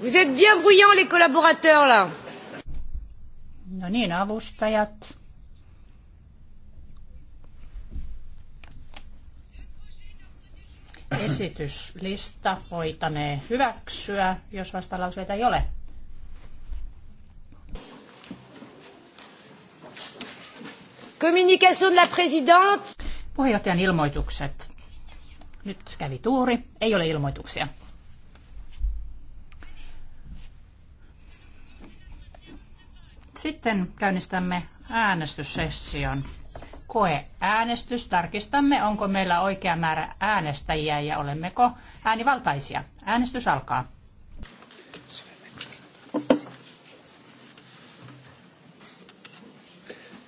Vous êtes bien bruyants les collaborateurs là. No niin, avustajat. Esityslista voitanee hyväksyä, jos vastalauseita ei ole. Communication de la présidente. Puheenjohtajan ilmoitukset. Nyt kävi tuuri. Ei ole ilmoituksia. Sitten käynnistämme äänestyssession. Koe äänestys. Tarkistamme, onko meillä oikea määrä äänestäjiä ja olemmeko äänivaltaisia. Äänestys alkaa.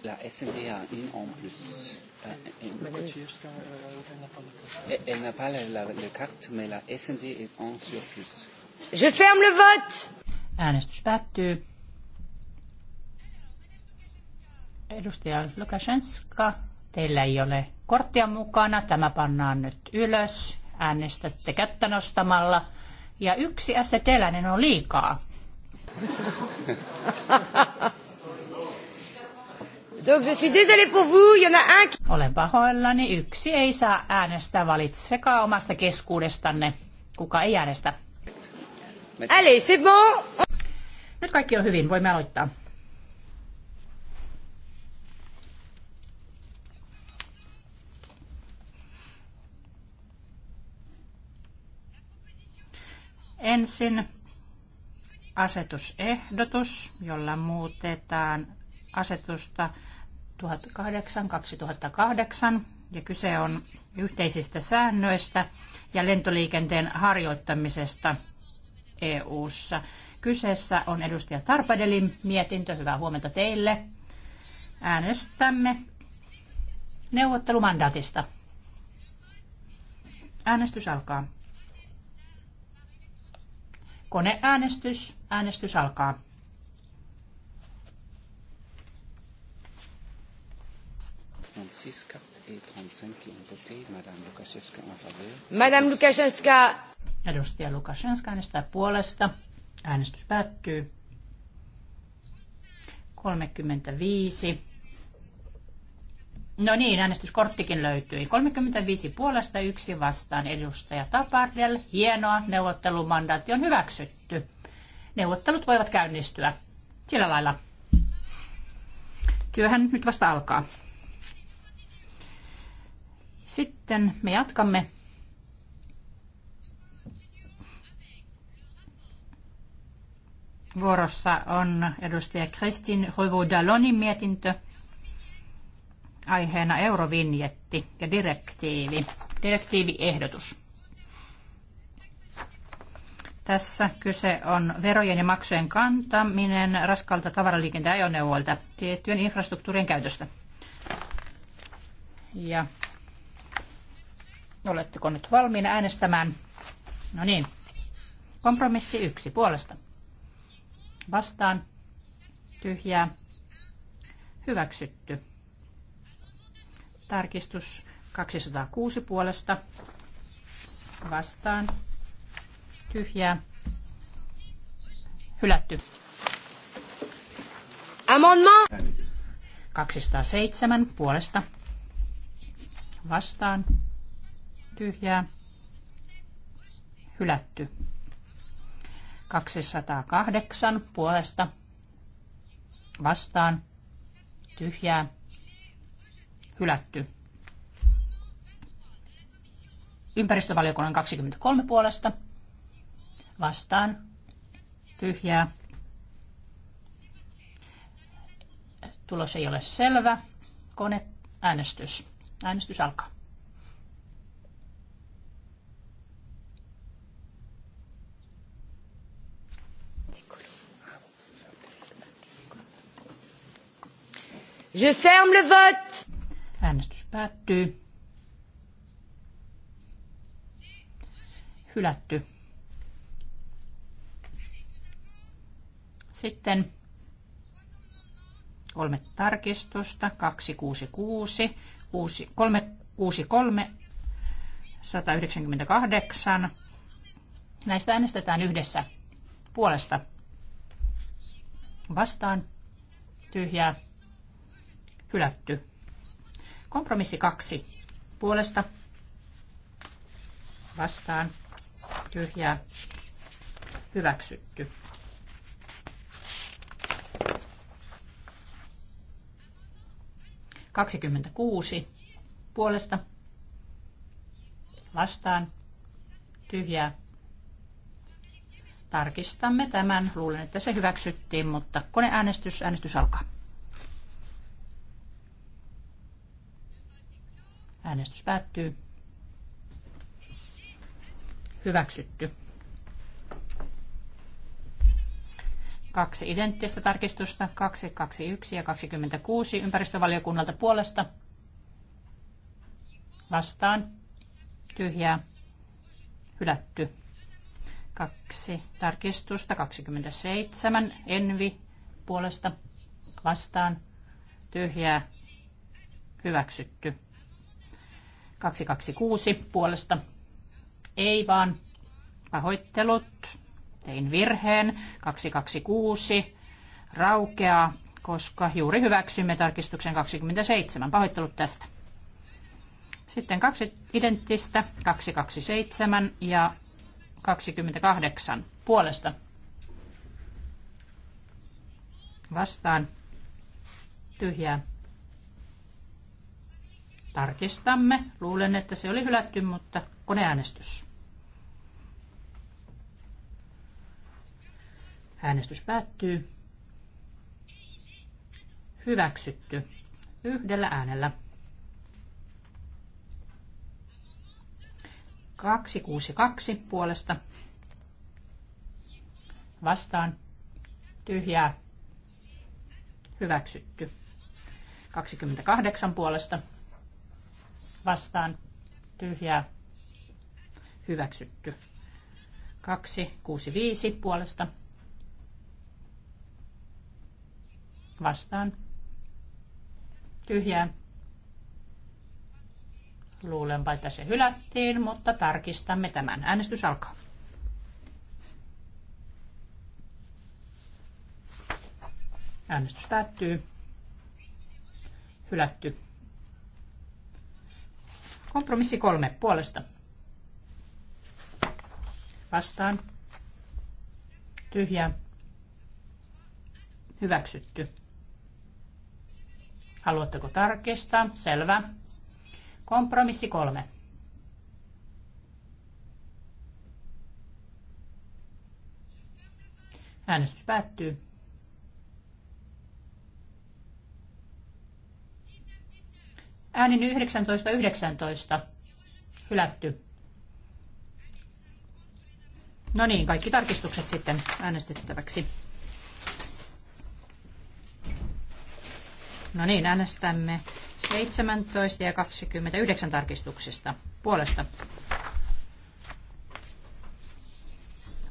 La SND in en plus. Euh, euh, elle n'a pas la, la, la carte, mais la SND est en surplus. Je ferme le vote. Äänestys päättyy. Edustaja Lukashenska, teillä ei ole korttia mukana. Tämä pannaan nyt ylös. Äänestätte kättä nostamalla. Ja yksi st on liikaa. Donc je suis pour vous, il y en a un qui... Olen pahoillani, yksi ei saa äänestää, valitsekaa omasta keskuudestanne, kuka ei äänestä. Allez, c'est bon! Nyt kaikki on hyvin, voimme aloittaa. Ensin asetusehdotus, jolla muutetaan asetusta 1008-2008 ja kyse on yhteisistä säännöistä ja lentoliikenteen harjoittamisesta EU:ssa. Kyseessä on edustaja Tarpadelin mietintö. Hyvää huomenta teille. Äänestämme neuvottelumandaatista. Äänestys alkaa. Koneäänestys. Äänestys alkaa. Madame Lukashenska. Edustaja Lukashenska äänestää puolesta. Äänestys päättyy. 35 No niin, äänestyskorttikin löytyi. 35 puolesta yksi vastaan edustaja Tapardel. Hienoa, neuvottelumandaatti on hyväksytty. Neuvottelut voivat käynnistyä. Sillä lailla. Työhän nyt vasta alkaa. Sitten me jatkamme Vuorossa on edustaja Kristin Hoivu-Dalonin mietintö – aiheena eurovinjetti ja direktiivi, direktiiviehdotus. Tässä kyse on verojen ja maksujen kantaminen raskalta tavaraliikenteen ajoneuvoilta tiettyjen infrastruktuurien käytöstä. Ja oletteko nyt valmiina äänestämään? No niin. Kompromissi yksi puolesta. Vastaan. Tyhjää. Hyväksytty. Tarkistus 206 puolesta vastaan. Tyhjää. Hylätty. Amendment. 207 puolesta vastaan. Tyhjää. Hylätty. 208 puolesta vastaan. Tyhjää hylätty. Ympäristövaliokunnan 23 puolesta vastaan tyhjää. Tulos ei ole selvä. Kone äänestys. Äänestys alkaa. Je ferme le vote. Äänestys päättyy. Hylätty. Sitten kolme tarkistusta, 266, 363, 198. Näistä äänestetään yhdessä puolesta vastaan tyhjää hylätty. Kompromissi kaksi. Puolesta vastaan tyhjää hyväksytty. Kaksikymmentäkuusi puolesta vastaan tyhjää. Tarkistamme tämän. Luulen, että se hyväksyttiin, mutta koneäänestys, äänestys alkaa. Äänestys päättyy. Hyväksytty. Kaksi identtistä tarkistusta, 221 ja 26 ympäristövaliokunnalta puolesta. Vastaan. Tyhjää. Hylätty. Kaksi tarkistusta, 27. Envi puolesta. Vastaan. Tyhjää. Hyväksytty. 226 puolesta. Ei vaan pahoittelut. Tein virheen. 226 raukeaa, koska juuri hyväksymme tarkistuksen 27. Pahoittelut tästä. Sitten kaksi identtistä, 227 ja 28 puolesta. Vastaan tyhjää Tarkistamme. Luulen, että se oli hylätty, mutta koneäänestys. Äänestys päättyy. Hyväksytty. Yhdellä äänellä. 262 puolesta. Vastaan. Tyhjää. Hyväksytty. 28 puolesta vastaan tyhjää hyväksytty. 5 puolesta vastaan tyhjää. Luulenpa, että se hylättiin, mutta tarkistamme tämän. Äänestys alkaa. Äänestys päättyy. Hylätty. Kompromissi kolme puolesta. Vastaan. Tyhjä. Hyväksytty. Haluatteko tarkistaa? Selvä. Kompromissi kolme. Äänestys päättyy. Äänin 19.19 Hylätty. No niin, kaikki tarkistukset sitten äänestettäväksi. No niin, äänestämme 17 ja 29 tarkistuksista puolesta.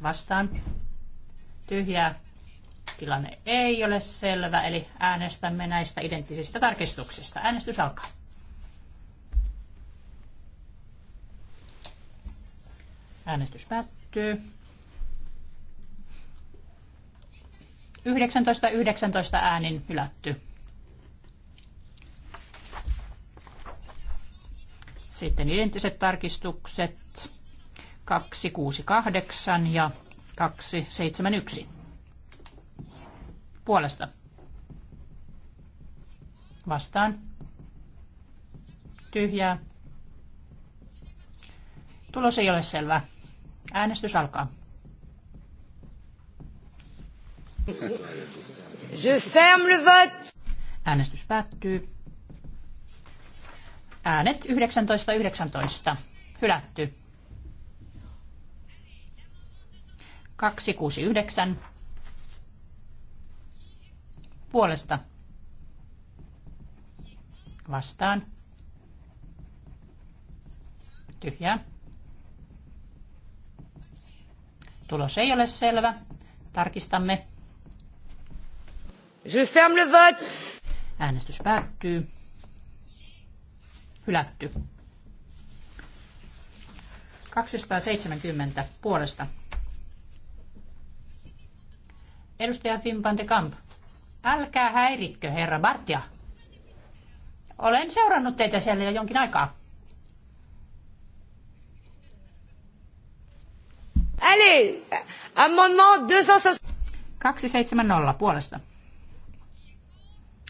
Vastaan. Tyhjä Tilanne ei ole selvä, eli äänestämme näistä identtisistä tarkistuksista. Äänestys alkaa. Äänestys päättyy. 19.19 19 äänin hylätty. Sitten identtiset tarkistukset 268 ja 271. Puolesta. Vastaan. Tyhjää. Tulos ei ole selvä. Äänestys alkaa. Je ferme le vote. Äänestys päättyy. Äänet 19.19. Hylätty. 269. Puolesta. Vastaan. Tyhjää. Tulos ei ole selvä. Tarkistamme. Je ferme le vote. Äänestys päättyy. Hylätty. 270 puolesta. Edustaja Fimpan de Kamp. Älkää häiritkö, herra Bartja. Olen seurannut teitä siellä jo jonkin aikaa. Allez, amendement 270 puolesta.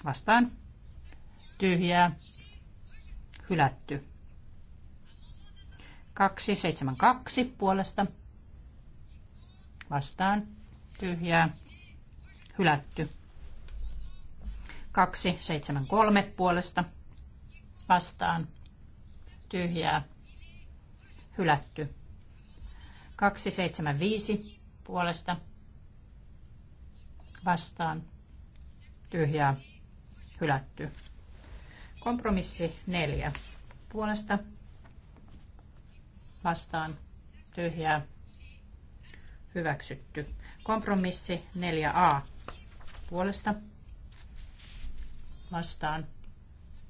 Vastaan. Tyhjää. Hylätty. 272 puolesta. Vastaan. Tyhjää. Hylätty. 273 puolesta. Vastaan. Tyhjää. Hylätty. 275 puolesta vastaan tyhjää hylätty. Kompromissi 4 puolesta vastaan tyhjää hyväksytty. Kompromissi 4a puolesta vastaan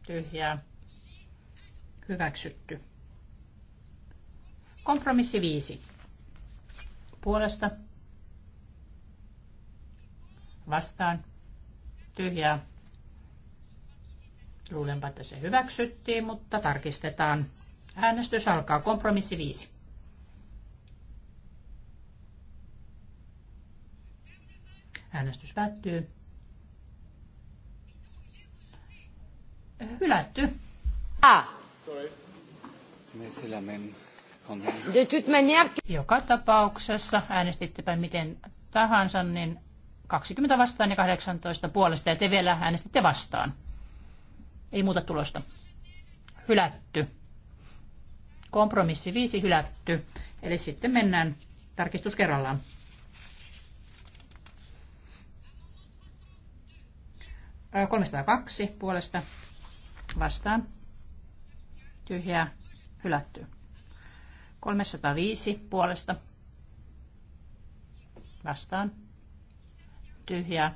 tyhjää hyväksytty. Kompromissi 5 puolesta vastaan tyhjää. Luulenpa, että se hyväksyttiin, mutta tarkistetaan. Äänestys alkaa. Kompromissi 5. Äänestys päättyy. Hylätty. Ah. Sorry. Joka tapauksessa äänestittepä miten tahansa, niin 20 vastaan ja 18 puolesta ja te vielä äänestitte vastaan. Ei muuta tulosta. Hylätty. Kompromissi 5 hylätty. Eli sitten mennään tarkistus kerrallaan. Ö, 302 puolesta vastaan. Tyhjää. Hylätty. 305 puolesta vastaan. Tyhjä.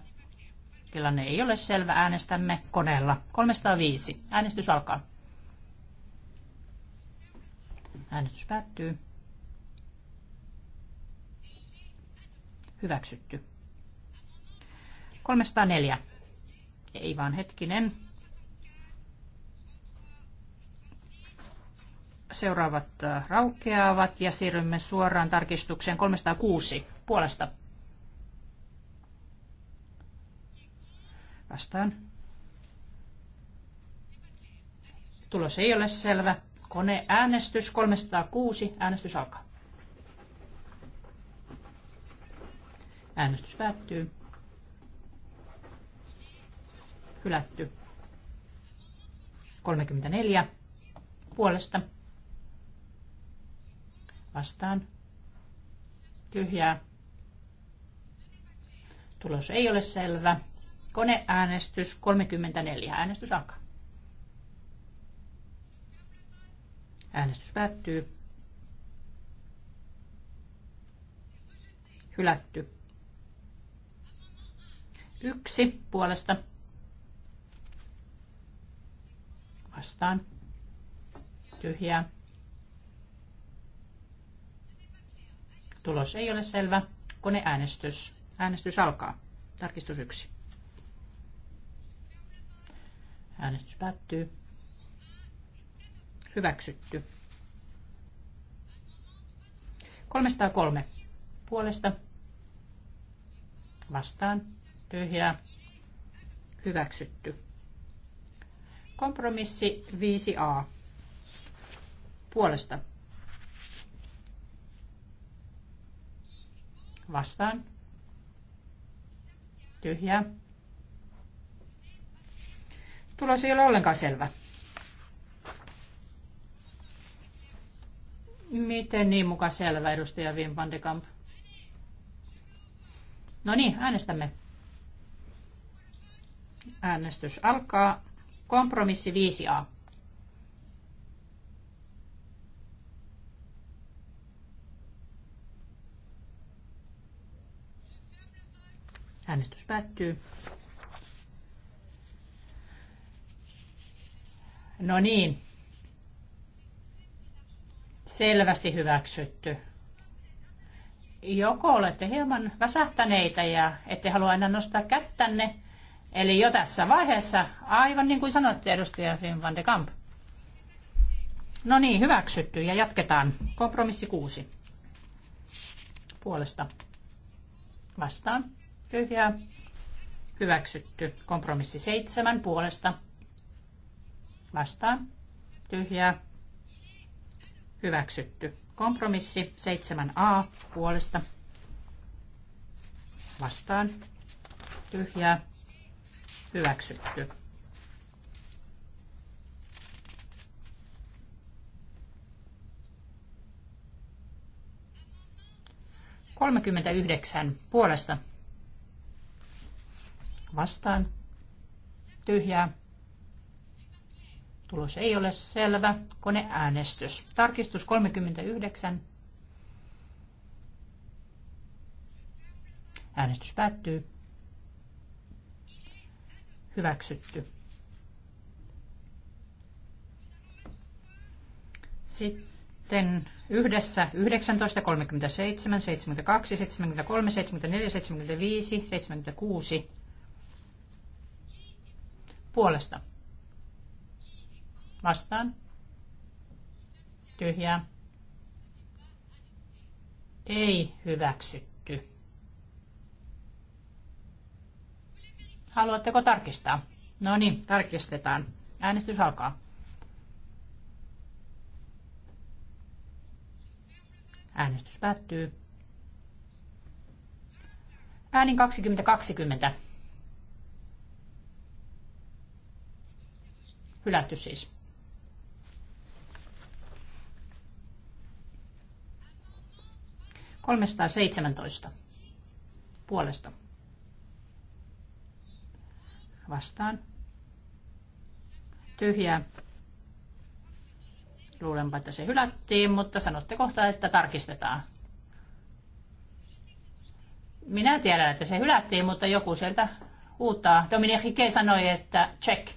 Tilanne ei ole selvä. Äänestämme koneella. 305. Äänestys alkaa. Äänestys päättyy. Hyväksytty. 304. Ei vaan hetkinen. Seuraavat äh, raukeavat ja siirrymme suoraan tarkistukseen 306 puolesta. Vastaan. Tulos ei ole selvä. Kone äänestys 306. Äänestys alkaa. Äänestys päättyy. Hylätty. 34 puolesta vastaan. Tyhjää. Tulos ei ole selvä. Koneäänestys 34. Äänestys alkaa. Äänestys päättyy. Hylätty. Yksi puolesta. Vastaan. Tyhjää Tulos ei ole selvä. Koneäänestys. Äänestys alkaa. Tarkistus 1. Äänestys päättyy. Hyväksytty. 303 puolesta vastaan tyhjää hyväksytty. Kompromissi 5a puolesta vastaan. Tyhjää. Tulos ei ole ollenkaan selvä. Miten niin muka selvä, edustaja Wim van de Kamp? No niin, äänestämme. Äänestys alkaa. Kompromissi 5a. Äänestys päättyy. No niin. Selvästi hyväksytty. Joko olette hieman väsähtäneitä ja ette halua enää nostaa kättänne, eli jo tässä vaiheessa, aivan niin kuin sanoitte edustaja Finn van de Kamp. No niin, hyväksytty ja jatketaan. Kompromissi kuusi. Puolesta. Vastaan tyhjää, hyväksytty. Kompromissi seitsemän puolesta, vastaan, tyhjää, hyväksytty. Kompromissi 7a puolesta, vastaan, tyhjää, hyväksytty. yhdeksän puolesta vastaan tyhjää. Tulos ei ole selvä. Koneäänestys. Tarkistus 39. Äänestys päättyy. Hyväksytty. Sitten yhdessä 19, 37, 72, 73, 74, 75, 76 puolesta. Vastaan. Tyhjää. Ei hyväksytty. Haluatteko tarkistaa? No niin, tarkistetaan. Äänestys alkaa. Äänestys päättyy. Äänin 2020. Hylätty siis. Kolmesta seitsemäntoista puolesta. Vastaan. Tyhjää. Luulenpa, että se hylättiin, mutta sanotte kohta, että tarkistetaan. Minä tiedän, että se hylättiin, mutta joku sieltä huutaa. Dominique Hike sanoi, että check.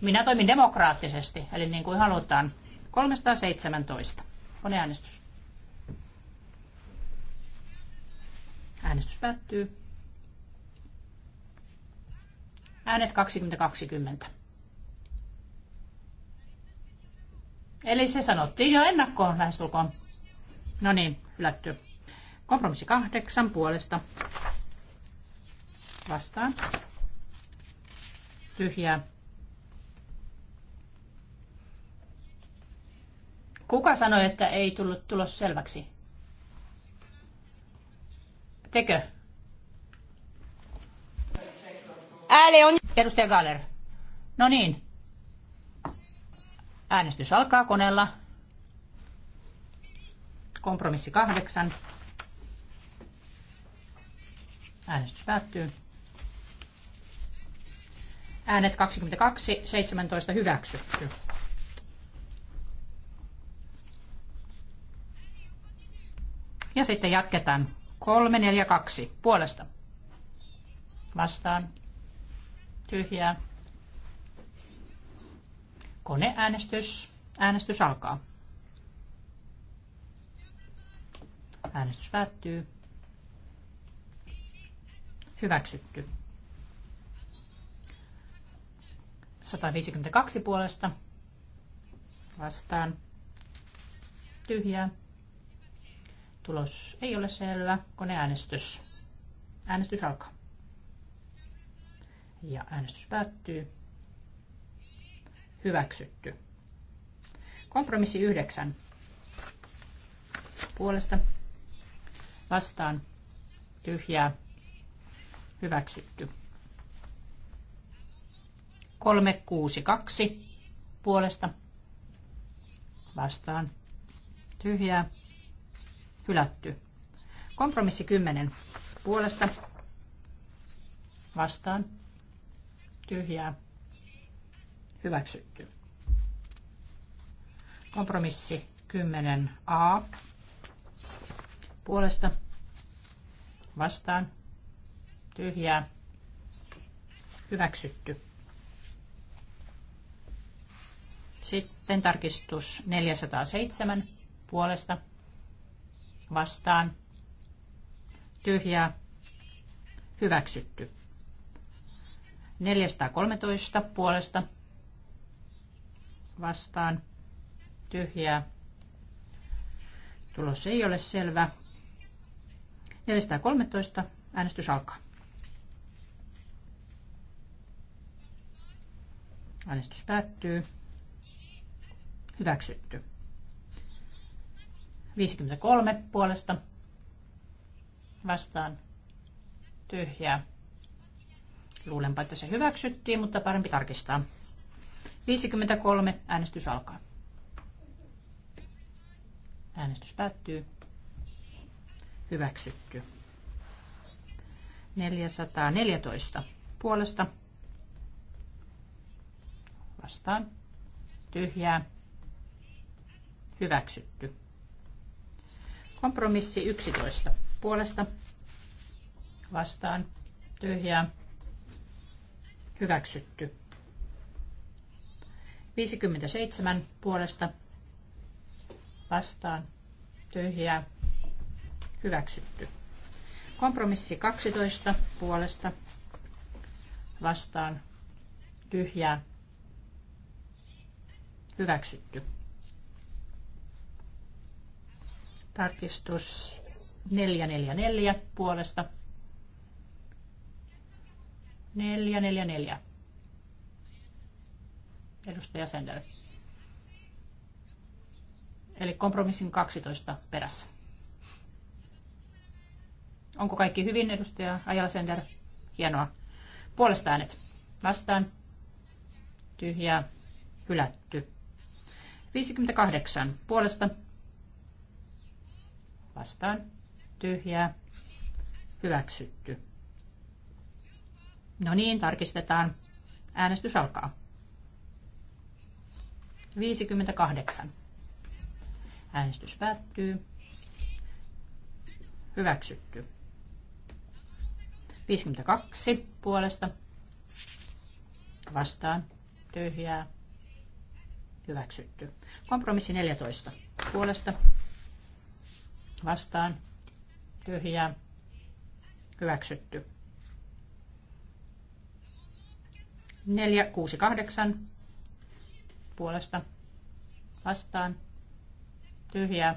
Minä toimin demokraattisesti, eli niin kuin halutaan. 317. Koneäänestys. Äänestys päättyy. Äänet 2020. Eli se sanottiin jo ennakkoon lähestulkoon. No niin, hylätty. Kompromissi kahdeksan puolesta. Vastaan. Tyhjää Kuka sanoi, että ei tullut tulos selväksi? Tekö? Ääli on... Edustaja Galler. No niin. Äänestys alkaa koneella. Kompromissi kahdeksan. Äänestys päättyy. Äänet 22, 17 hyväksytty. Ja sitten jatketaan. 2. puolesta. Vastaan. Tyhjää. Koneäänestys. Äänestys alkaa. Äänestys päättyy. Hyväksytty. 152 puolesta. Vastaan. Tyhjää. Tulos ei ole selvä. Koneäänestys. Äänestys alkaa. Ja äänestys päättyy. Hyväksytty. Kompromissi 9. Puolesta vastaan tyhjää hyväksytty. 362 puolesta vastaan tyhjää Hylätty. Kompromissi 10. Puolesta. Vastaan. Tyhjää. Hyväksytty. Kompromissi 10a. Puolesta. Vastaan. Tyhjää. Hyväksytty. Sitten tarkistus 407 puolesta vastaan Tyhjä, hyväksytty. 413 puolesta vastaan tyhjä Tulos ei ole selvä. 413 äänestys alkaa. Äänestys päättyy. Hyväksytty. 53 puolesta vastaan tyhjää. Luulenpa, että se hyväksyttiin, mutta parempi tarkistaa. 53. Äänestys alkaa. Äänestys päättyy. Hyväksytty. 414 puolesta. Vastaan. Tyhjää. Hyväksytty. Kompromissi 11. Puolesta vastaan tyhjää hyväksytty. 57 puolesta vastaan tyhjää hyväksytty. Kompromissi 12 puolesta vastaan tyhjää hyväksytty. Tarkistus 444 puolesta. 444. Edustaja Sender. Eli kompromissin 12 perässä. Onko kaikki hyvin, edustaja Ajala Sender? Hienoa. Puolesta äänet. Vastaan. Tyhjää. Hylätty. 58. Puolesta vastaan tyhjää hyväksytty. No niin, tarkistetaan. Äänestys alkaa. 58. Äänestys päättyy. Hyväksytty. 52 puolesta. Vastaan. Tyhjää. Hyväksytty. Kompromissi 14 puolesta vastaan tyhjää hyväksytty. 468 puolesta vastaan tyhjää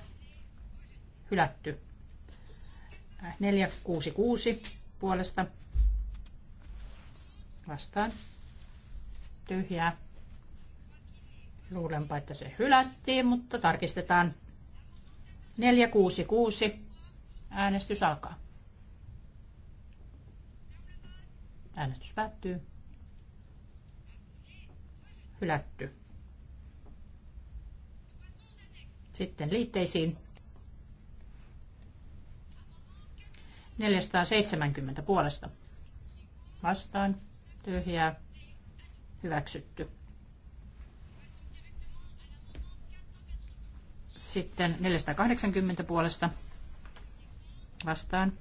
hylätty. 466 puolesta vastaan tyhjää. Luulenpa, että se hylättiin, mutta tarkistetaan 466. Äänestys alkaa. Äänestys päättyy. Hylätty. Sitten liitteisiin. 470 puolesta. Vastaan. Tyhjää. Hyväksytty. Sitten 480 puolesta vastaan.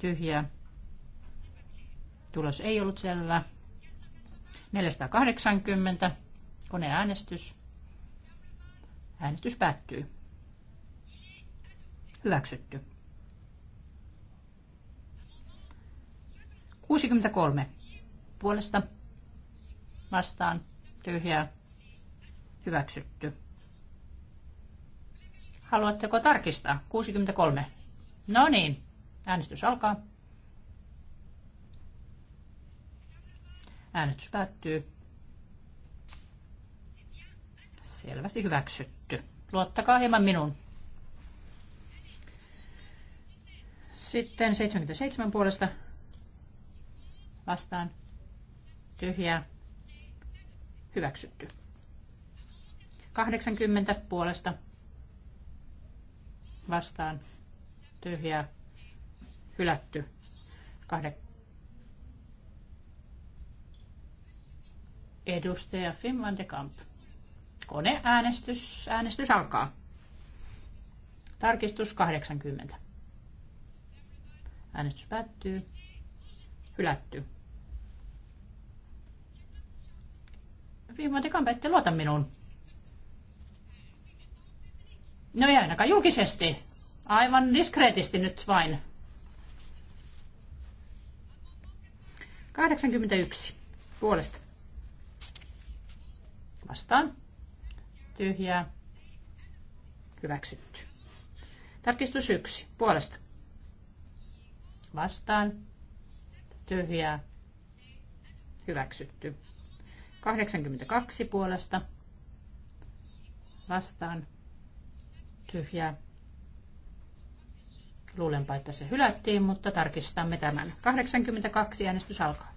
Tyhjää. Tulos ei ollut selvä. 480. Koneäänestys. Äänestys päättyy. Hyväksytty. 63. Puolesta vastaan tyhjää hyväksytty. Haluatteko tarkistaa? 63. No niin, äänestys alkaa. Äänestys päättyy. Selvästi hyväksytty. Luottakaa hieman minun. Sitten 77 puolesta vastaan. Tyhjää. Hyväksytty. 80 puolesta vastaan tyhjä, hylätty. Kahde. Edustaja Finn van de Kamp. Koneäänestys. Äänestys alkaa. Tarkistus 80. Äänestys päättyy. Hylätty. Viimaa Kamp, ette luota minuun. No ei ainakaan julkisesti. Aivan diskreetisti nyt vain. 81. Puolesta. Vastaan. Tyhjää. Hyväksytty. Tarkistus 1. Puolesta. Vastaan. Tyhjää. Hyväksytty. 82 puolesta. Vastaan tyhjää. Luulenpa, että se hylättiin, mutta tarkistamme tämän. 82 äänestys alkaa.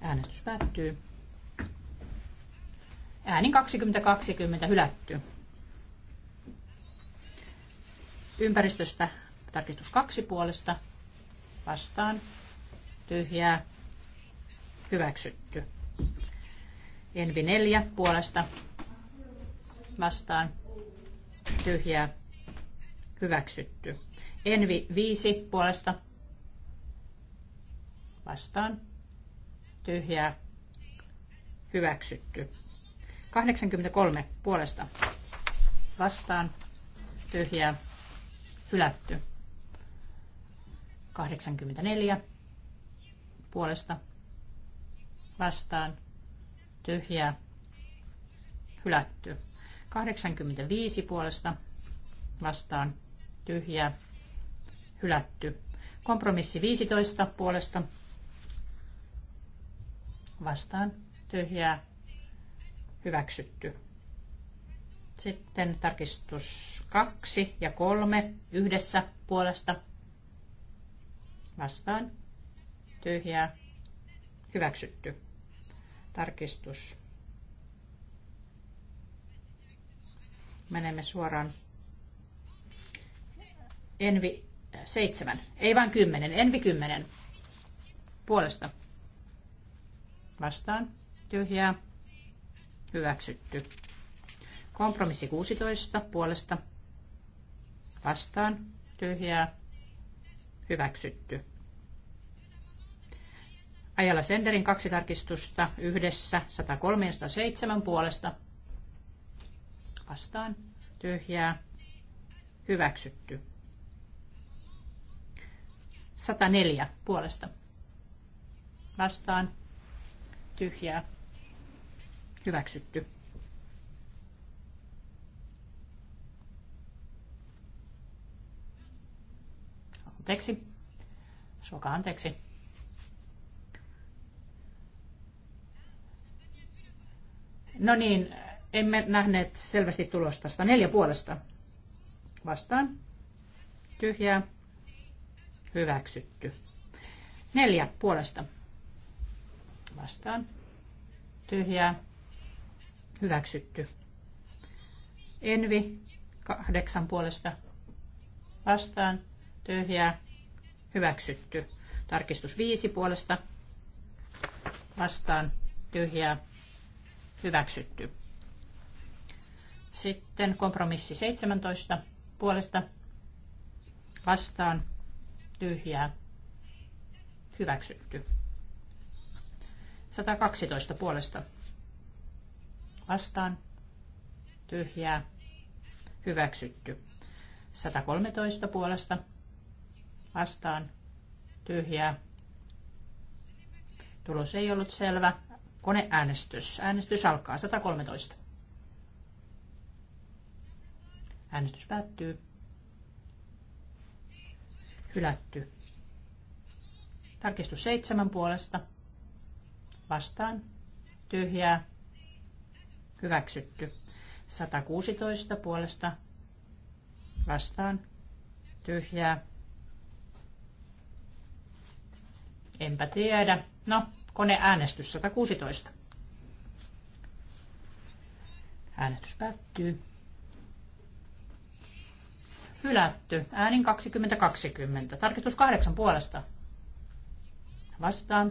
Äänestys päättyy. Äänin 20 hylätty. Ympäristöstä tarkistus kaksi puolesta. Vastaan. Tyhjää. Hyväksytty. Envi 4 puolesta vastaan tyhjää hyväksytty. Envi 5 puolesta vastaan tyhjää hyväksytty. 83 puolesta vastaan tyhjää hylätty. 84 puolesta vastaan tyhjää, hylätty. 85 puolesta vastaan tyhjää, hylätty. Kompromissi 15 puolesta vastaan tyhjää, hyväksytty. Sitten tarkistus 2 ja 3 yhdessä puolesta vastaan tyhjää, hyväksytty. Tarkistus. Menemme suoraan. Envi 7, äh, ei vain 10, Envi 10. Puolesta. Vastaan. Tyhjää. Hyväksytty. Kompromissi 16 puolesta. Vastaan. Tyhjää. Hyväksytty. Ajalla Senderin kaksi tarkistusta yhdessä 103 ja 107 puolesta. Vastaan. Tyhjää. Hyväksytty. 104 puolesta. Vastaan. Tyhjää. Hyväksytty. No niin, emme nähneet selvästi tulosta. 104 puolesta. Vastaan. Tyhjää. Hyväksytty. Neljä puolesta. Vastaan. Tyhjää. Hyväksytty. Envi. Kahdeksan puolesta. Vastaan. Tyhjää. Hyväksytty. Tarkistus viisi puolesta. Vastaan. Tyhjää hyväksytty. Sitten kompromissi 17 puolesta vastaan tyhjää hyväksytty. 112 puolesta vastaan tyhjää hyväksytty. 113 puolesta vastaan tyhjää. Tulos ei ollut selvä. Koneäänestys. Äänestys alkaa 113. Äänestys päättyy. Hylätty. Tarkistus seitsemän puolesta. Vastaan. Tyhjää. Hyväksytty. 116 puolesta. Vastaan. Tyhjää. Enpä tiedä. No, Koneäänestys 116. Äänestys päättyy. Hylätty. Äänin 2020. Tarkistus kahdeksan puolesta. Vastaan.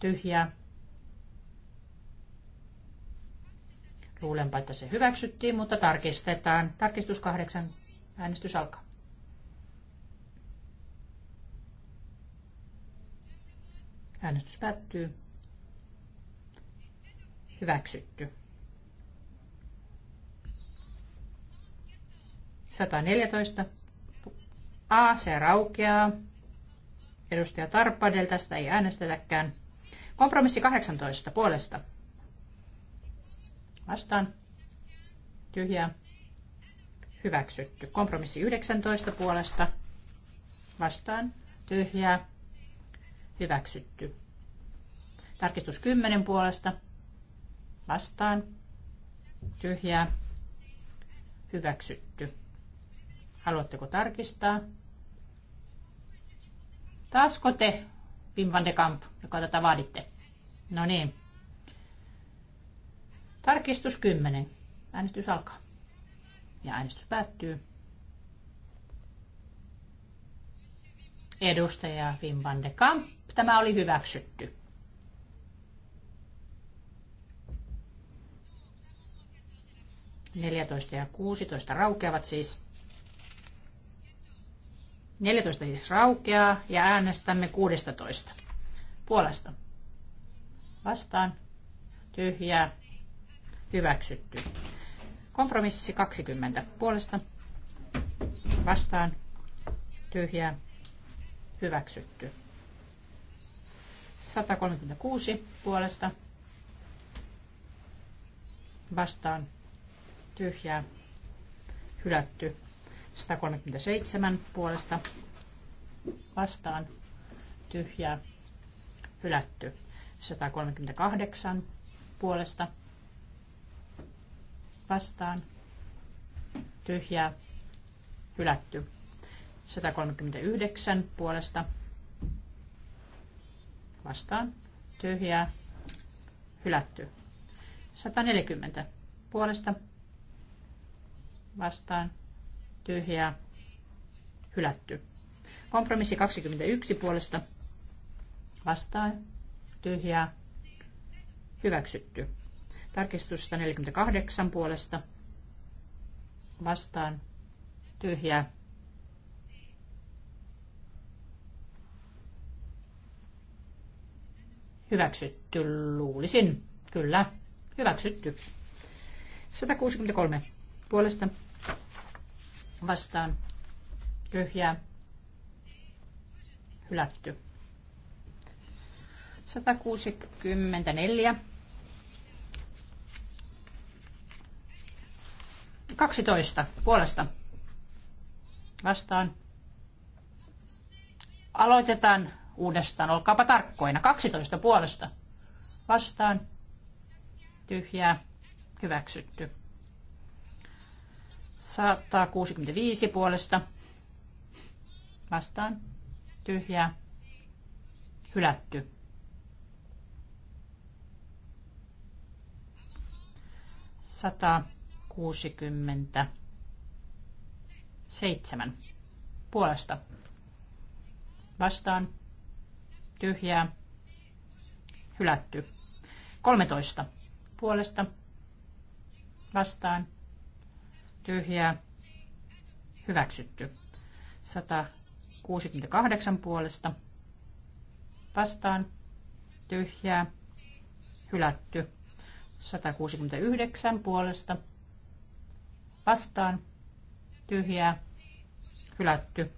Tyhjää. Luulenpa, että se hyväksyttiin, mutta tarkistetaan. Tarkistus kahdeksan. Äänestys alkaa. Äänestys päättyy. Hyväksytty. 114. A, se raukeaa. Edustaja Tarppadel, tästä ei äänestetäkään. Kompromissi 18 puolesta. Vastaan. Tyhjää. Hyväksytty. Kompromissi 19 puolesta. Vastaan. Tyhjää. Hyväksytty. Tarkistus 10 puolesta. Vastaan. Tyhjää. Hyväksytty. Haluatteko tarkistaa? Taasko te, Wim van de Kamp, joka tätä vaaditte? No niin. Tarkistus 10. Äänestys alkaa. Ja äänestys päättyy. Edustaja Wim van de Kamp Tämä oli hyväksytty. Neljätoista ja 16 raukeavat siis. 14 siis raukeaa ja äänestämme 16. Puolesta. Vastaan. Tyhjää. Hyväksytty. Kompromissi 20. Puolesta. Vastaan. Tyhjää. Hyväksytty. 136 puolesta vastaan tyhjää hylätty. 137 puolesta vastaan tyhjää hylätty. 138 puolesta vastaan tyhjää hylätty. 139 puolesta vastaan, vastaan, tyhjää, hylätty. 140 puolesta vastaan, tyhjää, hylätty. Kompromissi 21 puolesta vastaan, tyhjää, hyväksytty. Tarkistus 148 puolesta vastaan, tyhjää, Hyväksytty luulisin. Kyllä. Hyväksytty. 163 puolesta vastaan tyhjää hylätty. 164 12 puolesta vastaan. Aloitetaan uudestaan. Olkaapa tarkkoina. 12 puolesta. Vastaan. Tyhjää. Hyväksytty. 165 puolesta. Vastaan. Tyhjää. Hylätty. Sata kuusikymmentä seitsemän puolesta vastaan tyhjää, hylätty. 13 puolesta vastaan tyhjää, hyväksytty. 168 puolesta vastaan tyhjää, hylätty. 169 puolesta vastaan tyhjää, hylätty.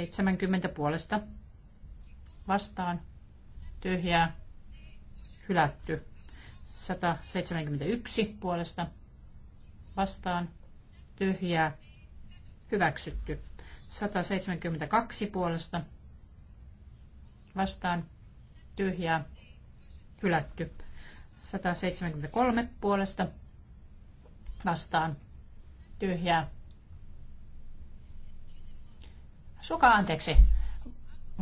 170 puolesta vastaan tyhjää hylätty. 171 puolesta vastaan tyhjää hyväksytty. 172 puolesta vastaan tyhjää hylätty. 173 puolesta vastaan tyhjää. Suka anteeksi.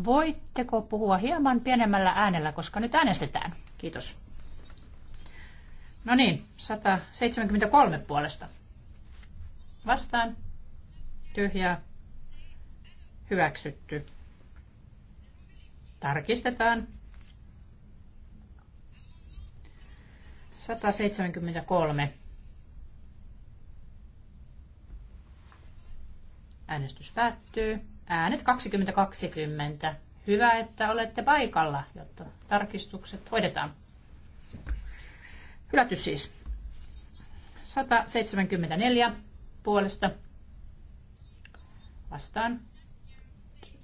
Voitteko puhua hieman pienemmällä äänellä, koska nyt äänestetään? Kiitos. No niin, 173 puolesta. Vastaan. Tyhjää. Hyväksytty. Tarkistetaan. 173. Äänestys päättyy. Äänet 2020. Hyvä, että olette paikalla, jotta tarkistukset hoidetaan. Hylätys siis. 174 puolesta vastaan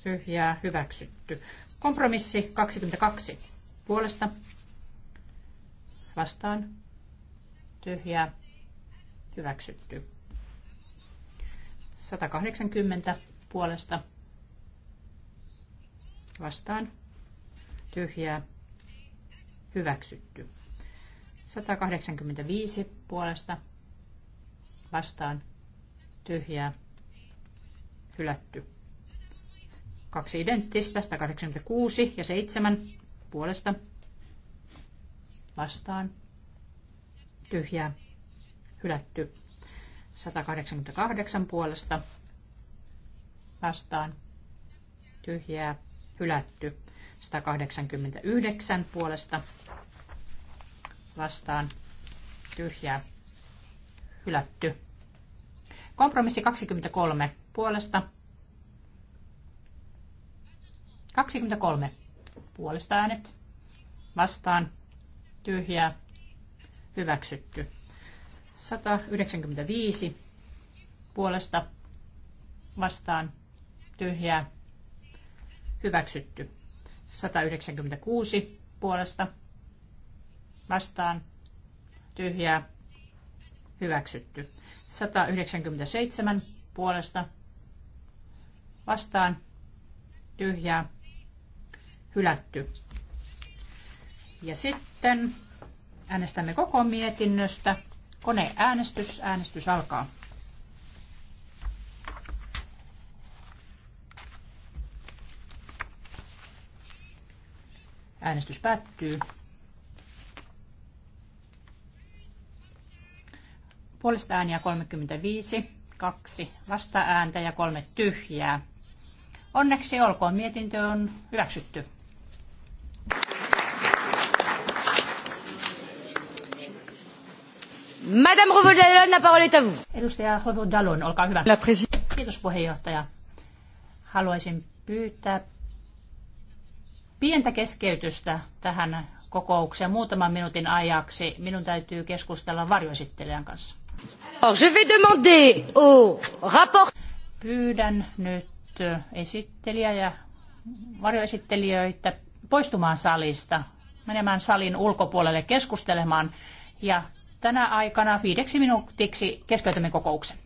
tyhjää hyväksytty. Kompromissi 22 puolesta vastaan tyhjää hyväksytty. 180 puolesta vastaan tyhjää hyväksytty. 185 puolesta vastaan tyhjää hylätty. Kaksi identtistä, 186 ja 7 puolesta vastaan tyhjää hylätty. 188 puolesta vastaan tyhjää hylätty. 189 puolesta vastaan tyhjää hylätty. Kompromissi 23 puolesta. 23 puolesta äänet vastaan tyhjää hyväksytty. 195 puolesta vastaan tyhjää Hyväksytty. 196 puolesta vastaan tyhjää hyväksytty. 197 puolesta vastaan tyhjää hylätty. Ja sitten äänestämme koko mietinnöstä. Koneäänestys. Äänestys alkaa. Äänestys päättyy. Puolesta ääniä 35, kaksi vasta ääntä ja kolme tyhjää. Onneksi olkoon, mietintö on hyväksytty. Madame Revaud-Dallon, la parole est à vous. Edustaja Revaud-Dallon, olkaa hyvä. La Kiitos puheenjohtaja. Haluaisin pyytää pientä keskeytystä tähän kokoukseen muutaman minuutin ajaksi. Minun täytyy keskustella varjoesittelijän kanssa. Pyydän nyt esittelijä ja varjoesittelijöitä poistumaan salista, menemään salin ulkopuolelle keskustelemaan ja tänä aikana viideksi minuutiksi keskeytämme kokouksen.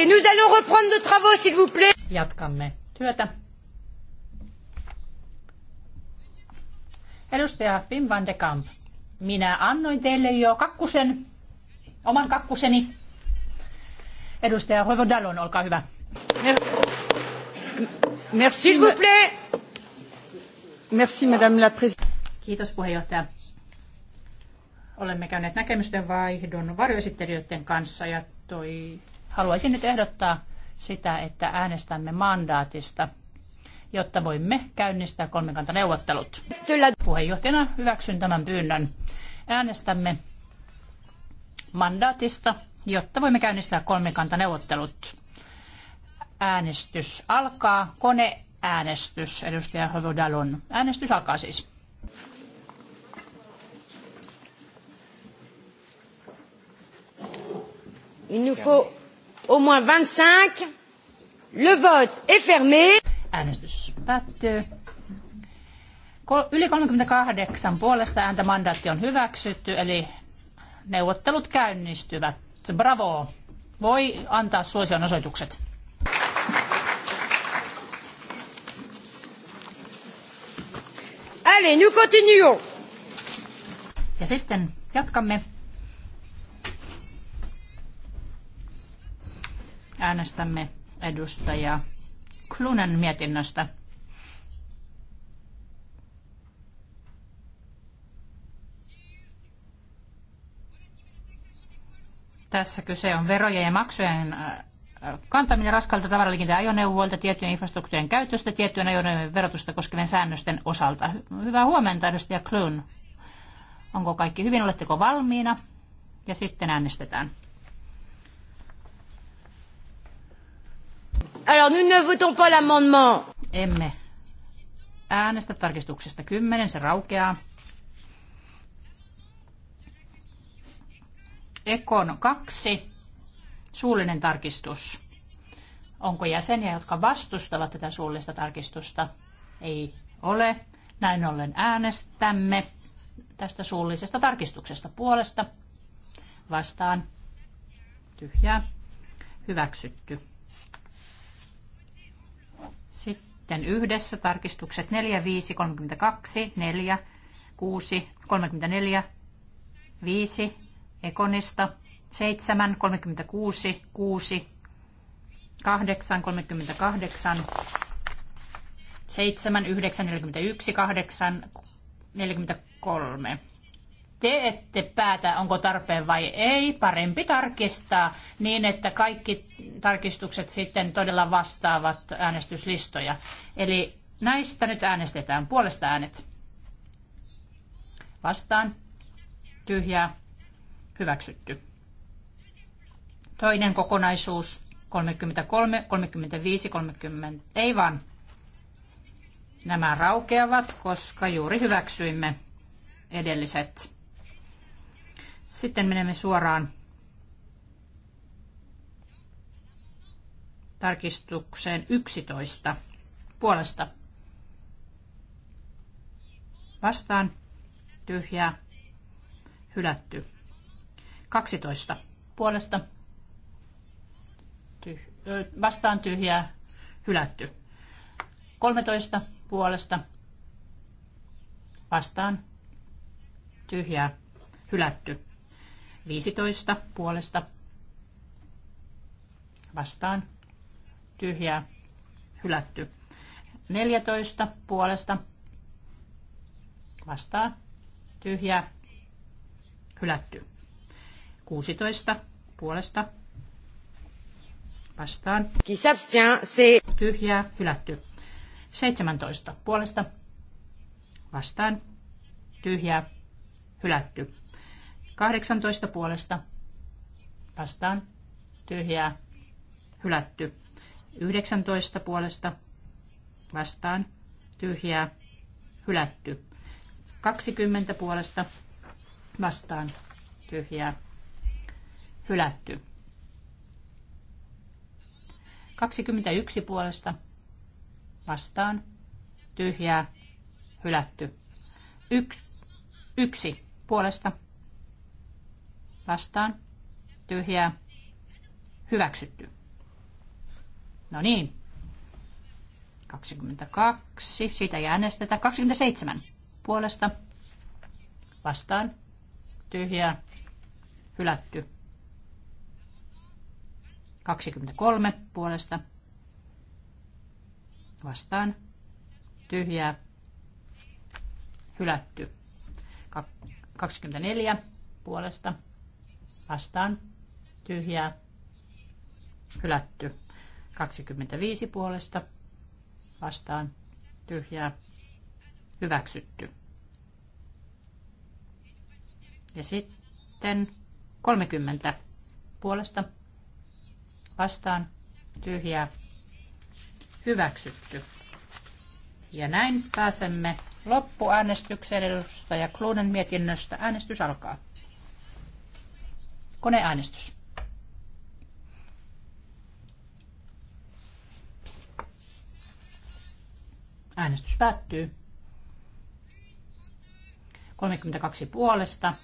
Allez, nous allons reprendre nos travaux, s'il vous plaît. Jatkamme työtä. Edustaja Pim van de Kamp, minä annoin teille jo kakkusen, oman kakkuseni. Edustaja Hoivo Dallon, olkaa hyvä. Merci, s'il vous plaît. Merci, madame la présidente. Kiitos puheenjohtaja. Olemme käyneet näkemysten vaihdon varjoesittelijöiden kanssa ja toi Haluaisin nyt ehdottaa sitä, että äänestämme mandaatista, jotta voimme käynnistää kolmikantaneuvottelut. Kyllä. Puheenjohtajana hyväksyn tämän pyynnön. Äänestämme mandaatista, jotta voimme käynnistää kolmikantaneuvottelut. Äänestys alkaa. Koneäänestys, edustaja Hovodalon. Äänestys alkaa siis. Il nous faut au moins 25. Le vote est fermé. Äänestys päättyy. Yli 38 puolesta ääntä mandaatti on hyväksytty, eli neuvottelut käynnistyvät. Bravo! Voi antaa suosion osoitukset. Allez, nous continuons. Ja sitten jatkamme. Äänestämme edustaja Klunen mietinnöstä. Tässä kyse on verojen ja maksujen äh, kantaminen raskalta tavaraliikenteen ajoneuvoilta tiettyjen infrastruktuurien käytöstä tiettyjen ajoneuvojen verotusta koskevien säännösten osalta. Hyvää huomenta, edustaja Klun. Onko kaikki hyvin? Oletteko valmiina? Ja sitten äänestetään. Alors nous ne votons pas l'amendement. Emme äänestä tarkistuksesta 10, se raukeaa. Ekon 2, suullinen tarkistus. Onko jäseniä, jotka vastustavat tätä suullista tarkistusta? Ei ole. Näin ollen äänestämme tästä suullisesta tarkistuksesta puolesta. Vastaan. Tyhjää. Hyväksytty. Sitten yhdessä tarkistukset 4, 5, 32, 4, 6, 34, 5, Ekonista, 7, 36, 6, 8, 38, 7, 9, 41, 8, 43 te ette päätä, onko tarpeen vai ei. Parempi tarkistaa niin, että kaikki tarkistukset sitten todella vastaavat äänestyslistoja. Eli näistä nyt äänestetään puolesta äänet. Vastaan. Tyhjää. Hyväksytty. Toinen kokonaisuus 33, 35, 30, ei vaan. Nämä raukeavat, koska juuri hyväksyimme edelliset sitten menemme suoraan tarkistukseen 11 puolesta. Vastaan tyhjää hylätty. 12 puolesta tyh- ö, vastaan tyhjää hylätty. 13 puolesta vastaan tyhjää hylätty. 15 puolesta vastaan tyhjää hylätty. 14 puolesta vastaan tyhjää hylätty. 16 puolesta vastaan. Qui s'abstient, Tyhjää, hylätty. 17 puolesta vastaan. Tyhjää, hylätty. 18 puolesta vastaan tyhjää hylätty. 19 puolesta vastaan tyhjää hylätty. 20 puolesta vastaan tyhjää hylätty. 21 puolesta vastaan tyhjää hylätty. Yksi, yksi puolesta Vastaan. Tyhjää. Hyväksytty. No niin. 22. Siitä ei äänestetä. 27. Puolesta. Vastaan. Tyhjää. Hylätty. 23. Puolesta. Vastaan. Tyhjää. Hylätty. 24. Puolesta vastaan tyhjää hylätty. 25 puolesta vastaan tyhjää hyväksytty. Ja sitten 30 puolesta vastaan tyhjää hyväksytty. Ja näin pääsemme loppuäänestykseen edustaja Kluunen mietinnöstä. Äänestys alkaa. Koneäänestys. Äänestys päättyy. 32 puolesta,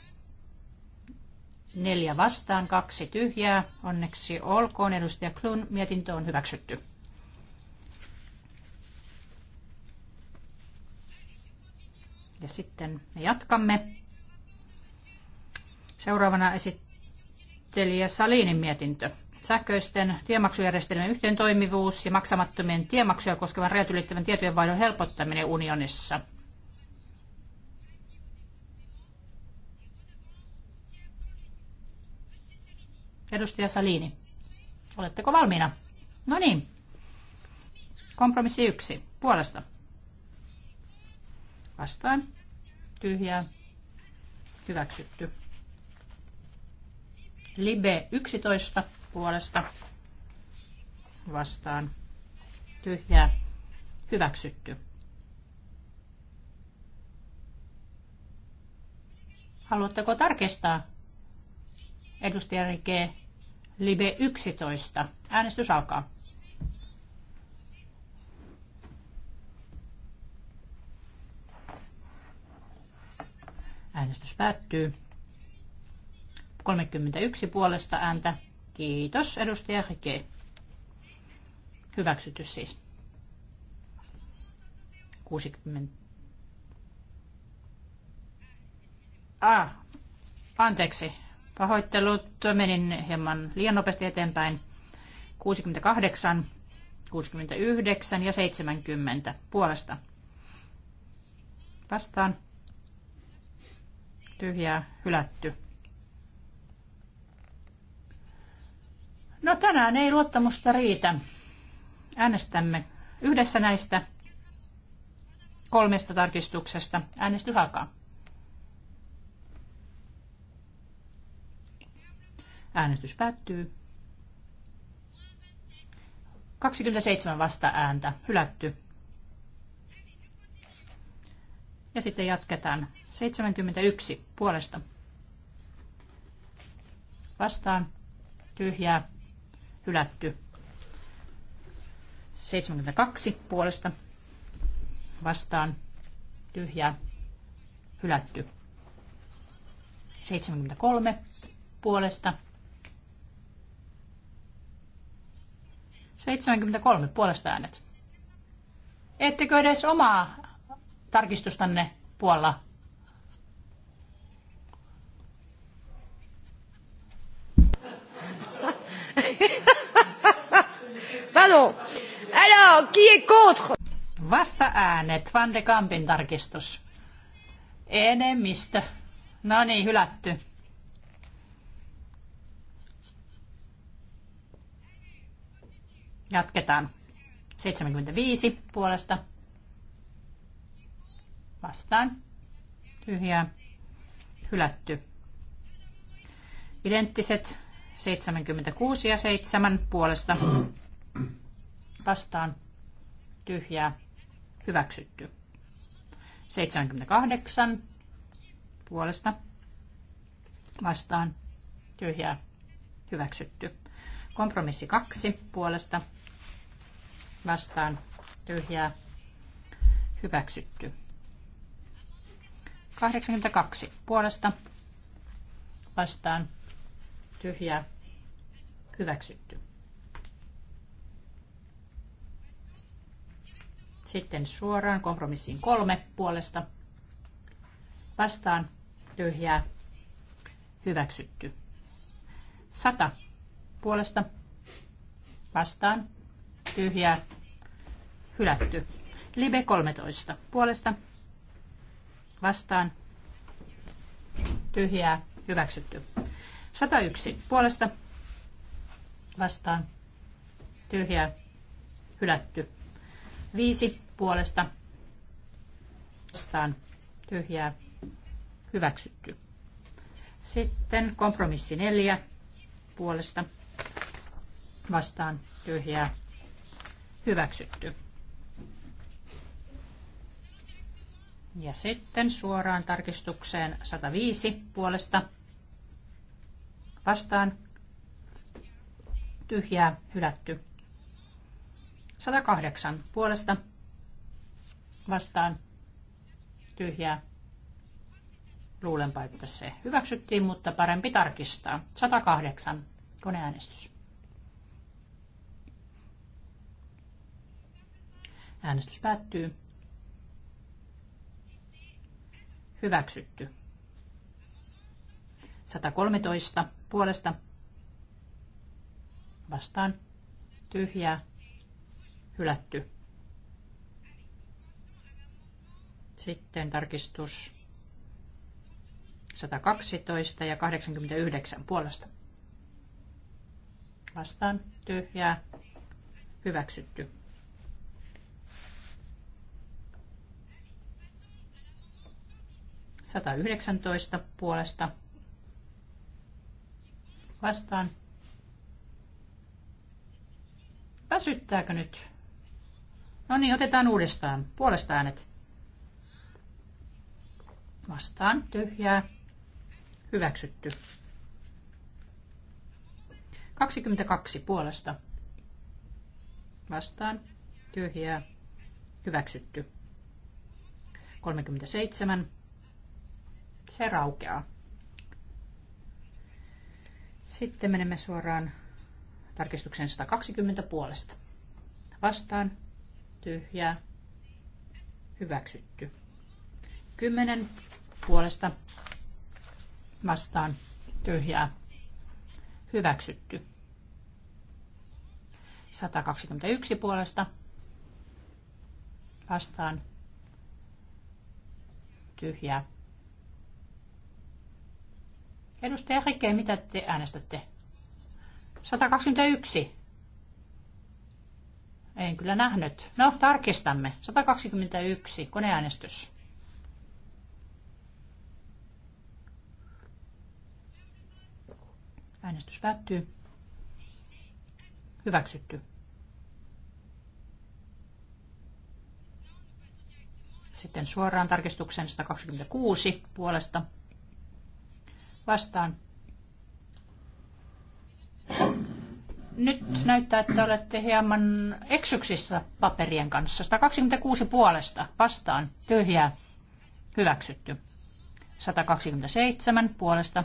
neljä vastaan, kaksi tyhjää. Onneksi olkoon, edustaja Klun mietintö on hyväksytty. Ja sitten me jatkamme. Seuraavana esit- esittelijä Salinin mietintö. Sähköisten tiemaksujärjestelmien yhteentoimivuus ja maksamattomien tiemaksuja koskevan rajat ylittävän tietojenvaihdon helpottaminen unionissa. Edustaja Salini, oletteko valmiina? No niin. Kompromissi yksi. Puolesta. Vastaan. Tyhjää. Hyväksytty. Libe 11 puolesta vastaan tyhjää hyväksytty. Haluatteko tarkistaa? Edustaja Rike, Libe 11. Äänestys alkaa. Äänestys päättyy. 31 puolesta ääntä. Kiitos, edustaja Rike. Hyväksytys siis. 60. Ah, anteeksi. Pahoittelut. Menin hieman liian nopeasti eteenpäin. 68, 69 ja 70 puolesta. Vastaan. Tyhjää, hylätty. No tänään ei luottamusta riitä. Äänestämme yhdessä näistä kolmesta tarkistuksesta. Äänestys alkaa. Äänestys päättyy. 27 vasta ääntä. Hylätty. Ja sitten jatketaan. 71 puolesta. Vastaan. Tyhjää hylätty. 72 puolesta vastaan tyhjä hylätty. 73 puolesta 73 puolesta äänet. Ettekö edes omaa tarkistustanne puolla pardon. Alors, qui est contre? Vasta äänet, Van de Kampin tarkistus. Enemmistö. No niin, hylätty. Jatketaan. 75 puolesta. Vastaan. Tyhjää. Hylätty. Identtiset 76 ja 7 puolesta vastaan tyhjää hyväksytty. 78 puolesta vastaan tyhjää hyväksytty. Kompromissi 2 puolesta vastaan tyhjää hyväksytty. 82 puolesta vastaan tyhjää hyväksytty. Sitten suoraan kompromissiin kolme puolesta. Vastaan tyhjää hyväksytty. Sata puolesta vastaan tyhjää hylätty. Libe 13 puolesta vastaan tyhjää hyväksytty. 101 puolesta vastaan tyhjää hylätty. 5 puolesta vastaan tyhjää hyväksytty. Sitten kompromissi neljä puolesta vastaan tyhjää hyväksytty. Ja sitten suoraan tarkistukseen 105 puolesta vastaan tyhjää hylätty. 108 puolesta vastaan tyhjää. Luulenpa, että se hyväksyttiin, mutta parempi tarkistaa. 108. Koneäänestys. Äänestys päättyy. Hyväksytty. 113 puolesta vastaan tyhjää hylätty. Sitten tarkistus 112 ja 89 puolesta. Vastaan tyhjää. Hyväksytty. Sata yhdeksäntoista puolesta vastaan. Väsyttääkö nyt? No niin, otetaan uudestaan. Puolesta äänet. Vastaan tyhjää. Hyväksytty. 22 puolesta. Vastaan tyhjää. Hyväksytty. 37. Se raukeaa. Sitten menemme suoraan tarkistuksen 120 puolesta. Vastaan, tyhjää, hyväksytty. 10 puolesta vastaan tyhjää hyväksytty. 121 puolesta vastaan tyhjää. Edustaja Rike, mitä te äänestätte? 121. En kyllä nähnyt. No, tarkistamme. 121, koneäänestys. Äänestys päättyy. Hyväksytty. Sitten suoraan tarkistuksen 126 puolesta vastaan. Nyt näyttää, että olette hieman eksyksissä paperien kanssa. 126 puolesta vastaan. Tyhjää. Hyväksytty. 127 puolesta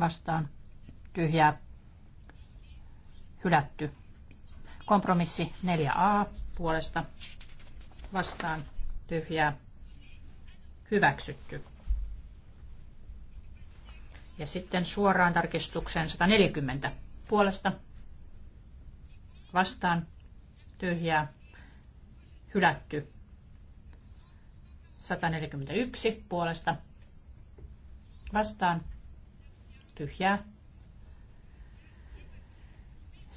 vastaan tyhjää hylätty. Kompromissi 4a puolesta vastaan tyhjää hyväksytty. Ja sitten suoraan tarkistukseen 140 puolesta vastaan tyhjää hylätty. 141 puolesta vastaan Tyhjää.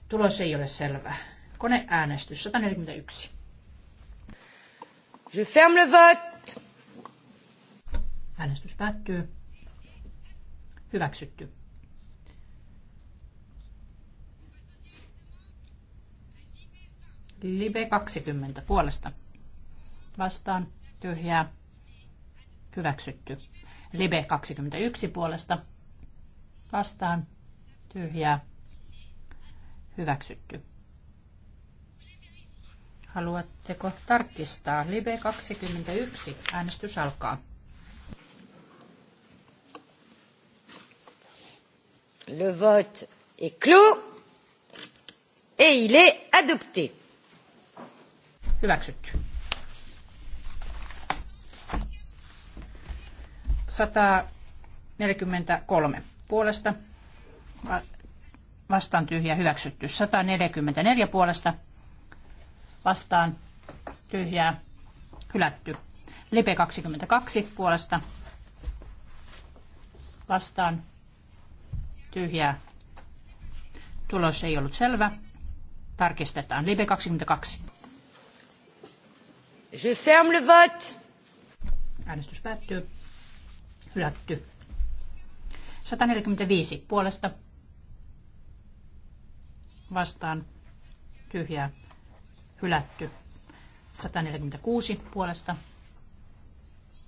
Tulos ei ole selvä. Koneäänestys 141. Je ferme le vote. Äänestys päättyy. Hyväksytty. Live 20 puolesta. Vastaan tyhjää. Hyväksytty. Live 21 puolesta vastaan tyhjää hyväksytty. Haluatteko tarkistaa? Live 21. Äänestys alkaa. Le vote est clos et il est adopté. Hyväksytty. 143 puolesta vastaan tyhjä hyväksytty. 144 puolesta vastaan tyhjää hylätty. Lipe 22 puolesta vastaan tyhjää. Tulos ei ollut selvä. Tarkistetaan. Libe 22. Je ferme le vote. Äänestys päättyy. Hylätty. 145 puolesta vastaan tyhjää hylätty. 146 puolesta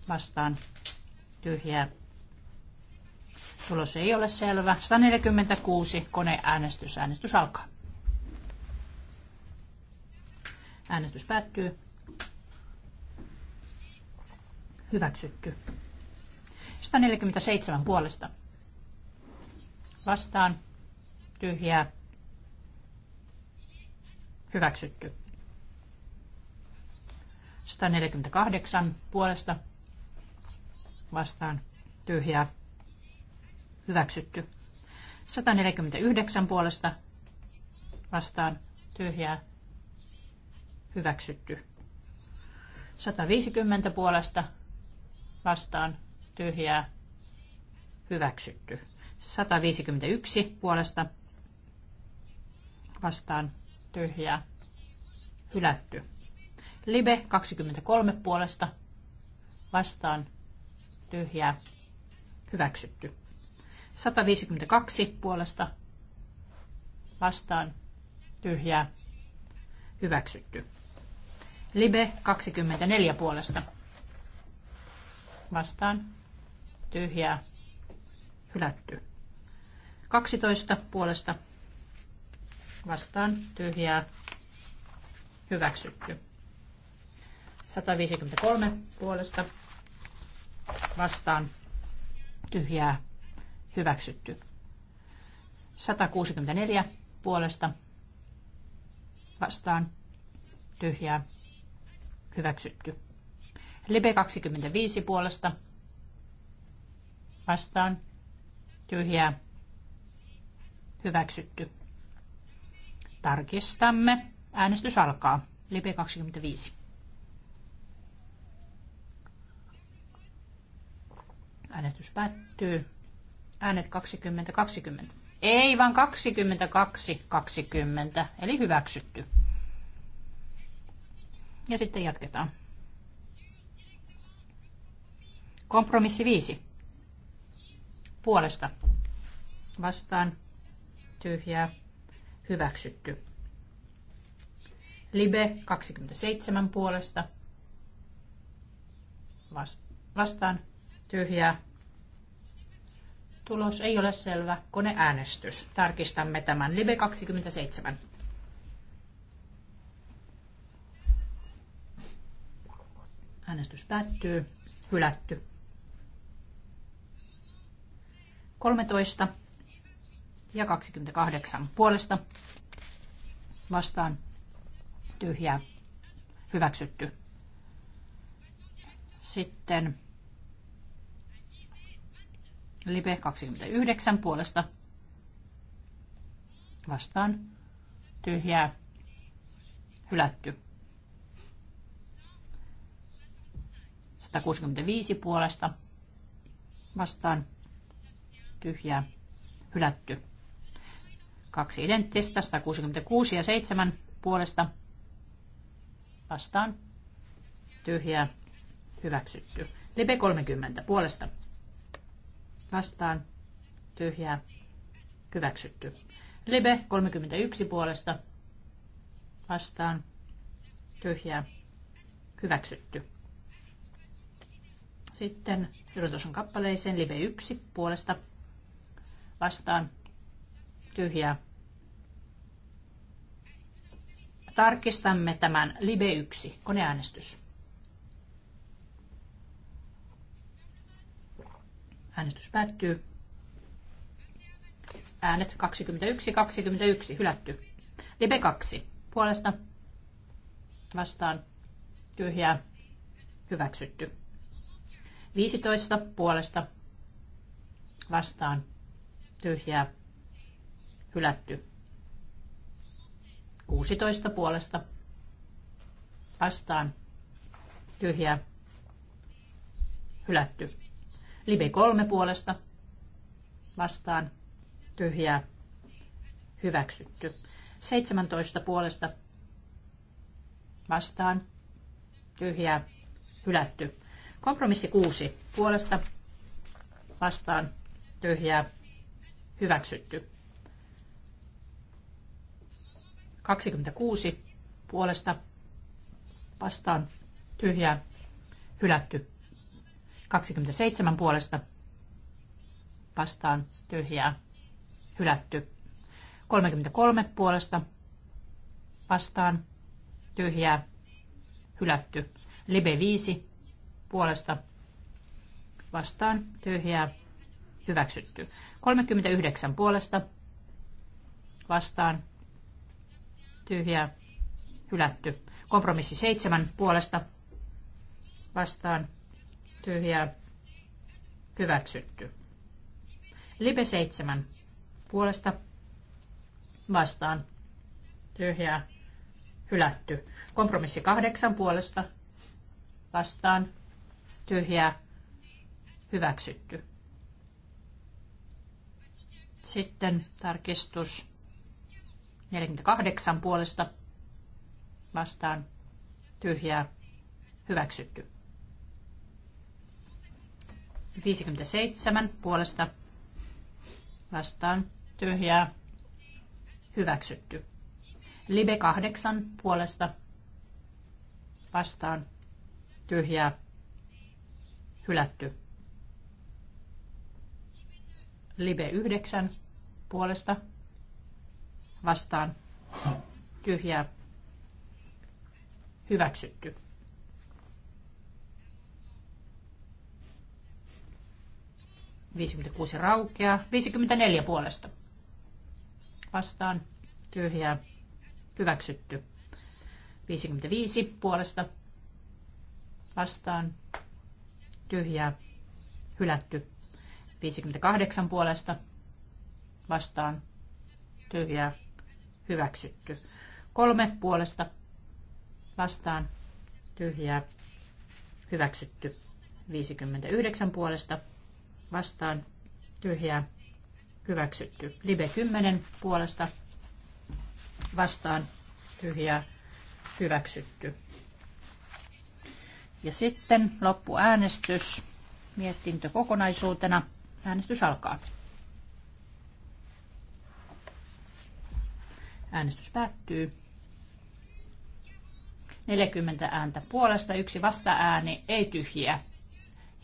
vastaan tyhjää. Tulos ei ole selvä. 146 koneäänestys. Äänestys alkaa. Äänestys päättyy. Hyväksytty. 147 puolesta vastaan tyhjää hyväksytty. 148 puolesta vastaan tyhjää hyväksytty. 149 puolesta vastaan tyhjää hyväksytty. 150 puolesta vastaan tyhjää hyväksytty. 151 puolesta vastaan tyhjää hylätty. Libe 23 puolesta vastaan tyhjää hyväksytty. 152 puolesta vastaan tyhjää hyväksytty. Libe 24 puolesta vastaan tyhjää hylätty. 12 puolesta vastaan tyhjää hyväksytty. 153 puolesta vastaan tyhjää hyväksytty. 164 puolesta vastaan tyhjää hyväksytty. Libe 25 puolesta vastaan tyhjää, hyväksytty. Tarkistamme. Äänestys alkaa. Lipe 25. Äänestys päättyy. Äänet 20, 20. Ei, vaan 22, 20. Eli hyväksytty. Ja sitten jatketaan. Kompromissi 5 puolesta vastaan tyhjää hyväksytty. Libe 27 puolesta vastaan tyhjää. Tulos ei ole selvä. Koneäänestys. Tarkistamme tämän. Libe 27. Äänestys päättyy. Hylätty. 13 ja 28 puolesta vastaan tyhjä hyväksytty. Sitten Libe 29 puolesta vastaan tyhjää hylätty. 165 puolesta vastaan tyhjää hylätty. Kaksi identtistä, 166 ja 7 puolesta vastaan tyhjää hyväksytty. Libe 30 puolesta vastaan tyhjää hyväksytty. Libe 31 puolesta vastaan tyhjää hyväksytty. Sitten yritys on kappaleeseen live 1 puolesta vastaan tyhjää. Tarkistamme tämän Libe 1, koneäänestys. Äänestys päättyy. Äänet 21, 21, hylätty. Libe 2, puolesta vastaan tyhjää, hyväksytty. 15 puolesta vastaan tyhjää, hylätty. 16 puolesta vastaan, tyhjää, hylätty. Live 3 puolesta vastaan, tyhjää, hyväksytty. 17 puolesta vastaan, tyhjää, hylätty. Kompromissi 6 puolesta vastaan, tyhjää, Hyväksytty. 26 puolesta vastaan tyhjää hylätty. 27 puolesta vastaan tyhjää hylätty. 33 puolesta vastaan tyhjää hylätty. Libe 5 puolesta vastaan tyhjää hyväksytty. 39 puolesta vastaan tyhjää hylätty. Kompromissi 7 puolesta vastaan tyhjää hyväksytty. Libe 7 puolesta vastaan tyhjää hylätty. Kompromissi 8 puolesta vastaan tyhjää hyväksytty. Sitten tarkistus 48 puolesta vastaan tyhjää hyväksytty. 57 puolesta vastaan tyhjää hyväksytty. Libe 8 puolesta vastaan tyhjää hylätty. Libe 9 puolesta vastaan tyhjää hyväksytty. Viisikymmentäkuusi raukeaa. Viisikymmentäneljä puolesta. Vastaan. Tyhjää. Hyväksytty. viisikymmentäviisi puolesta. Vastaan. Tyhjää. Hylätty. 58 puolesta vastaan tyhjää hyväksytty. Kolme puolesta vastaan tyhjää hyväksytty. 59 puolesta vastaan tyhjää hyväksytty. Live 10 puolesta vastaan tyhjää hyväksytty. Ja sitten loppuäänestys, mietintö kokonaisuutena. Äänestys alkaa. Äänestys päättyy. 40 ääntä puolesta, yksi vasta-ääni, ei tyhjiä.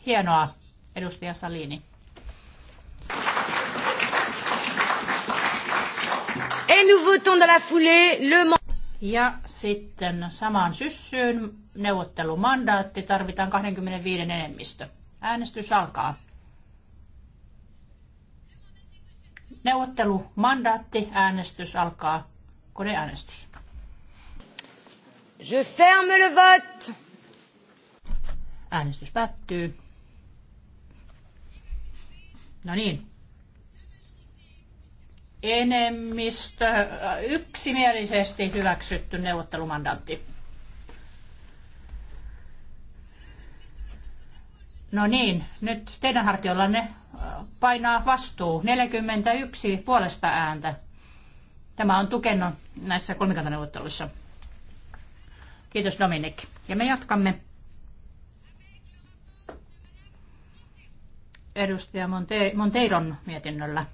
Hienoa, edustaja Salini. ja sitten samaan syssyyn neuvottelumandaatti tarvitaan 25 enemmistö. Äänestys alkaa. mandaatti, äänestys alkaa. Koneäänestys. Je ferme le vote. Äänestys päättyy. No niin. Enemmistö äh, yksimielisesti hyväksytty neuvottelumandaatti. No niin, nyt teidän hartiollanne painaa vastuu. 41 puolesta ääntä. Tämä on tukenut näissä kolmikantaneuvotteluissa. Kiitos Dominik. Ja me jatkamme. Edustaja Monte- Monteiron mietinnöllä.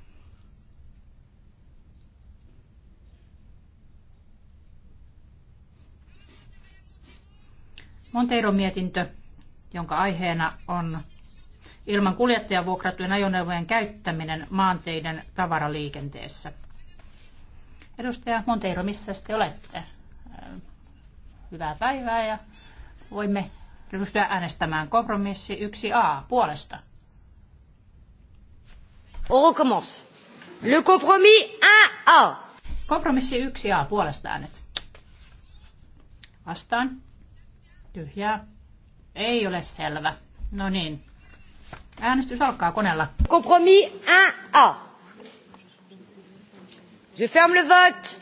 Monteiron mietintö, jonka aiheena on ilman kuljettajan vuokratujen ajoneuvojen käyttäminen maanteiden tavaraliikenteessä. Edustaja Monteiro, missä te olette? Äh, hyvää päivää ja voimme ryhtyä äänestämään kompromissi 1a puolesta. On recommence. Le compromis 1a. Kompromissi 1a puolesta äänet. Vastaan. Tyhjää. Ei ole selvä. No niin, Äänestys alkaa koneella. Kompromis 1A. Je ferme le vote.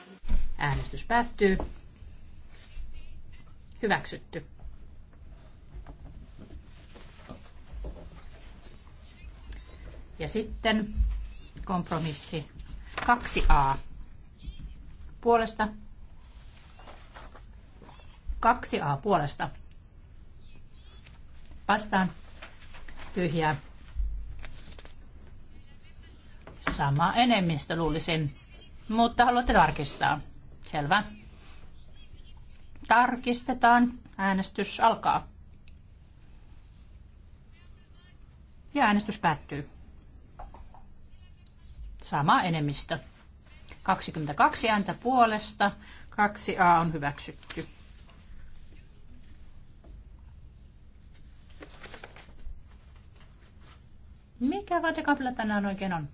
Äänestys päättyy. Hyväksytty. Ja sitten kompromissi 2A. Puolesta. 2A puolesta. Vastaan tyhjä Sama enemmistö luulisin, mutta haluatte tarkistaa. Selvä. Tarkistetaan. Äänestys alkaa. Ja äänestys päättyy. Sama enemmistö. 22 ääntä puolesta, 2A on hyväksytty. Mikä vaatekappale tänään oikein on?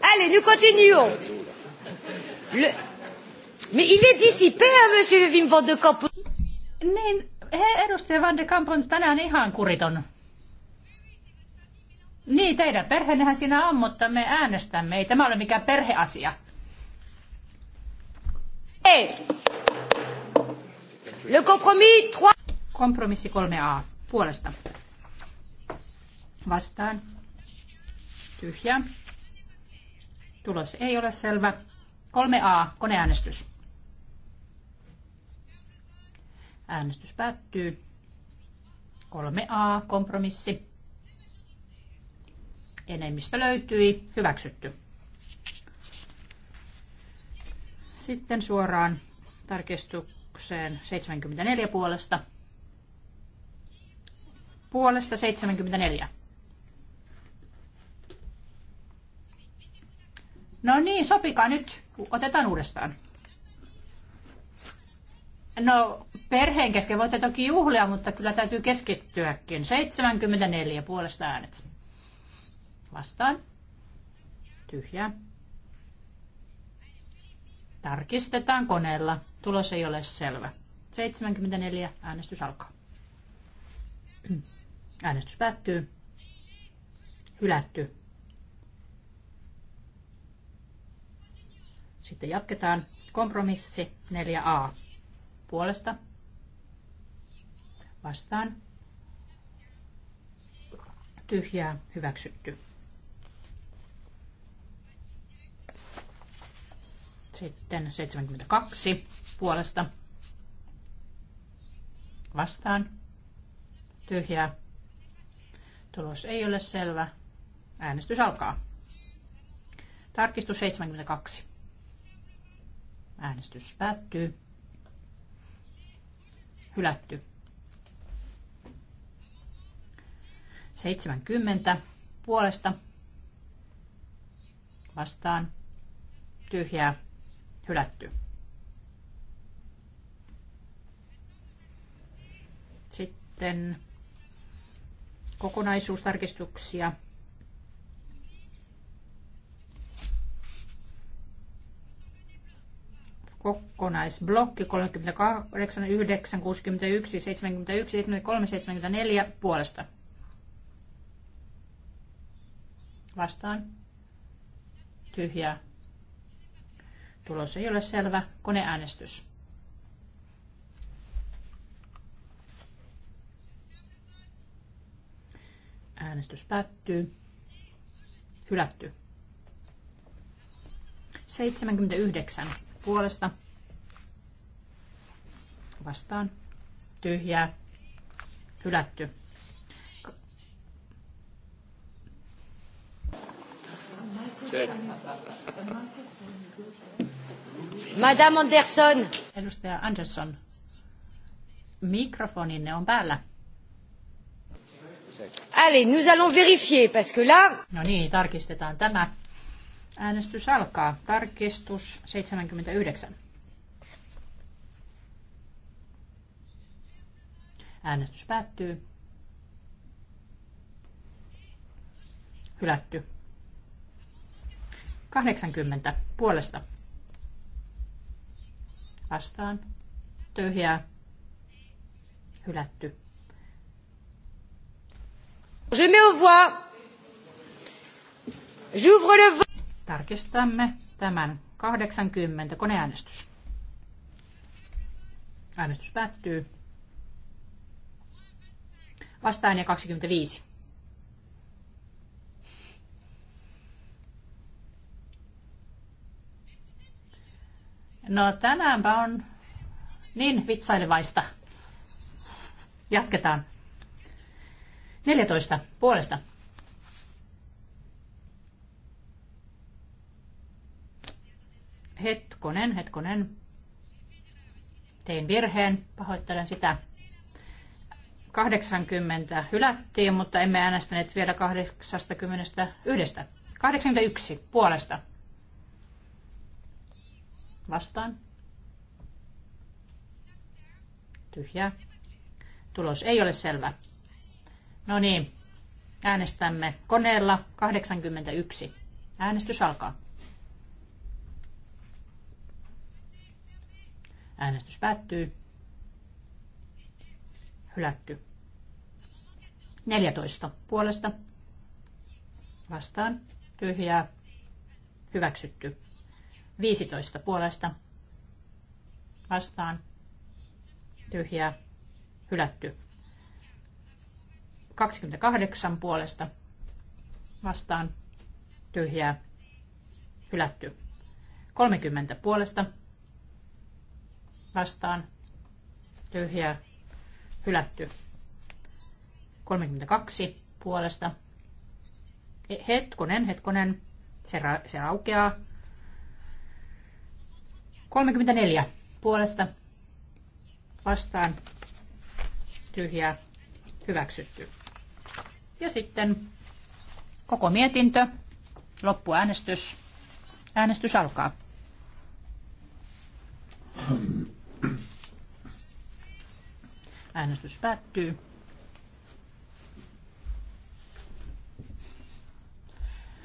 Allez, nous continuons. Le... Mais il est dissipé, hein, monsieur Wim van de Kamp. Niin, he edustaja van de Kamp on tänään ihan kuriton. Niin, teidän perheenähän sinä on, mutta me äänestämme. Ei tämä ole mikään perheasia. Ei. Le compromis 3. Kompromissi 3a puolesta vastaan. Tyhjä. Tulos ei ole selvä. 3A, koneäänestys. Äänestys päättyy. 3A, kompromissi. Enemmistö löytyi, hyväksytty. Sitten suoraan tarkistukseen 74 puolesta. Puolesta 74. No niin, sopikaa nyt. Otetaan uudestaan. No, perheen kesken voitte toki juhlia, mutta kyllä täytyy keskittyäkin. 74 puolesta äänet. Vastaan. Tyhjä. Tarkistetaan koneella. Tulos ei ole selvä. 74. Äänestys alkaa. Äänestys päättyy. Hylätty. Sitten jatketaan. Kompromissi 4a. Puolesta. Vastaan. Tyhjää. Hyväksytty. Sitten 72 puolesta. Vastaan. Tyhjää. Tulos ei ole selvä. Äänestys alkaa. Tarkistus 72. Äänestys päättyy. Hylätty. 70 puolesta vastaan tyhjää hylätty. Sitten kokonaisuustarkistuksia kokonaisblokki 38, 9, 61, 71, 73, 74 puolesta. Vastaan. Tyhjää. Tulos ei ole selvä. Koneäänestys. Äänestys päättyy. Hylätty. 79 puolesta vastaan tyhjää hylätty. Madame Anderson. Edustaja Anderson, mikrofoninne on päällä. Allez, nous allons vérifier, parce que là... No niin, tarkistetaan tämä. Äänestys alkaa. Tarkistus 79. Äänestys päättyy. Hylätty. 80 puolesta. Vastaan. Tyhjää. Hylätty. Je mets au voix. J'ouvre le vote. Tarkistamme tämän 80 koneäänestys. Äänestys päättyy vastaan ja 25. No tänäänpä on niin vitsailevaista. Jatketaan. 14 puolesta. Hetkonen, hetkonen. Tein virheen, pahoittelen sitä. 80 hylättiin, mutta emme äänestäneet vielä 81. 81 puolesta. Vastaan. Tyhjä. Tulos ei ole selvä. No niin, äänestämme koneella 81. Äänestys alkaa. Äänestys päättyy. Hylätty. 14. Puolesta. Vastaan. Tyhjää. Hyväksytty. 15. Puolesta. Vastaan. Tyhjää. Hylätty. 28 puolesta vastaan tyhjää hylätty. 30 puolesta vastaan tyhjää hylätty. 32 puolesta. Hetkonen, hetkonen. Se, ra- se raukeaa. 34 puolesta vastaan tyhjää hyväksytty. Ja sitten koko mietintö, loppuäänestys. Äänestys alkaa. Äänestys päättyy.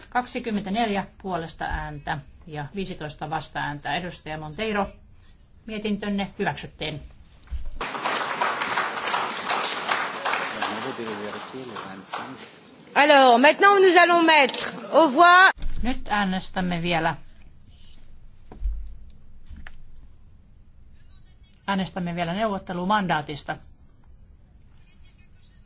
Kaksikymmentäneljä puolesta ääntä ja 15 vasta ääntä. Edustaja Monteiro, mietintönne hyväksyttiin. Nyt äänestämme vielä. Äänestämme vielä neuvottelumandaatista.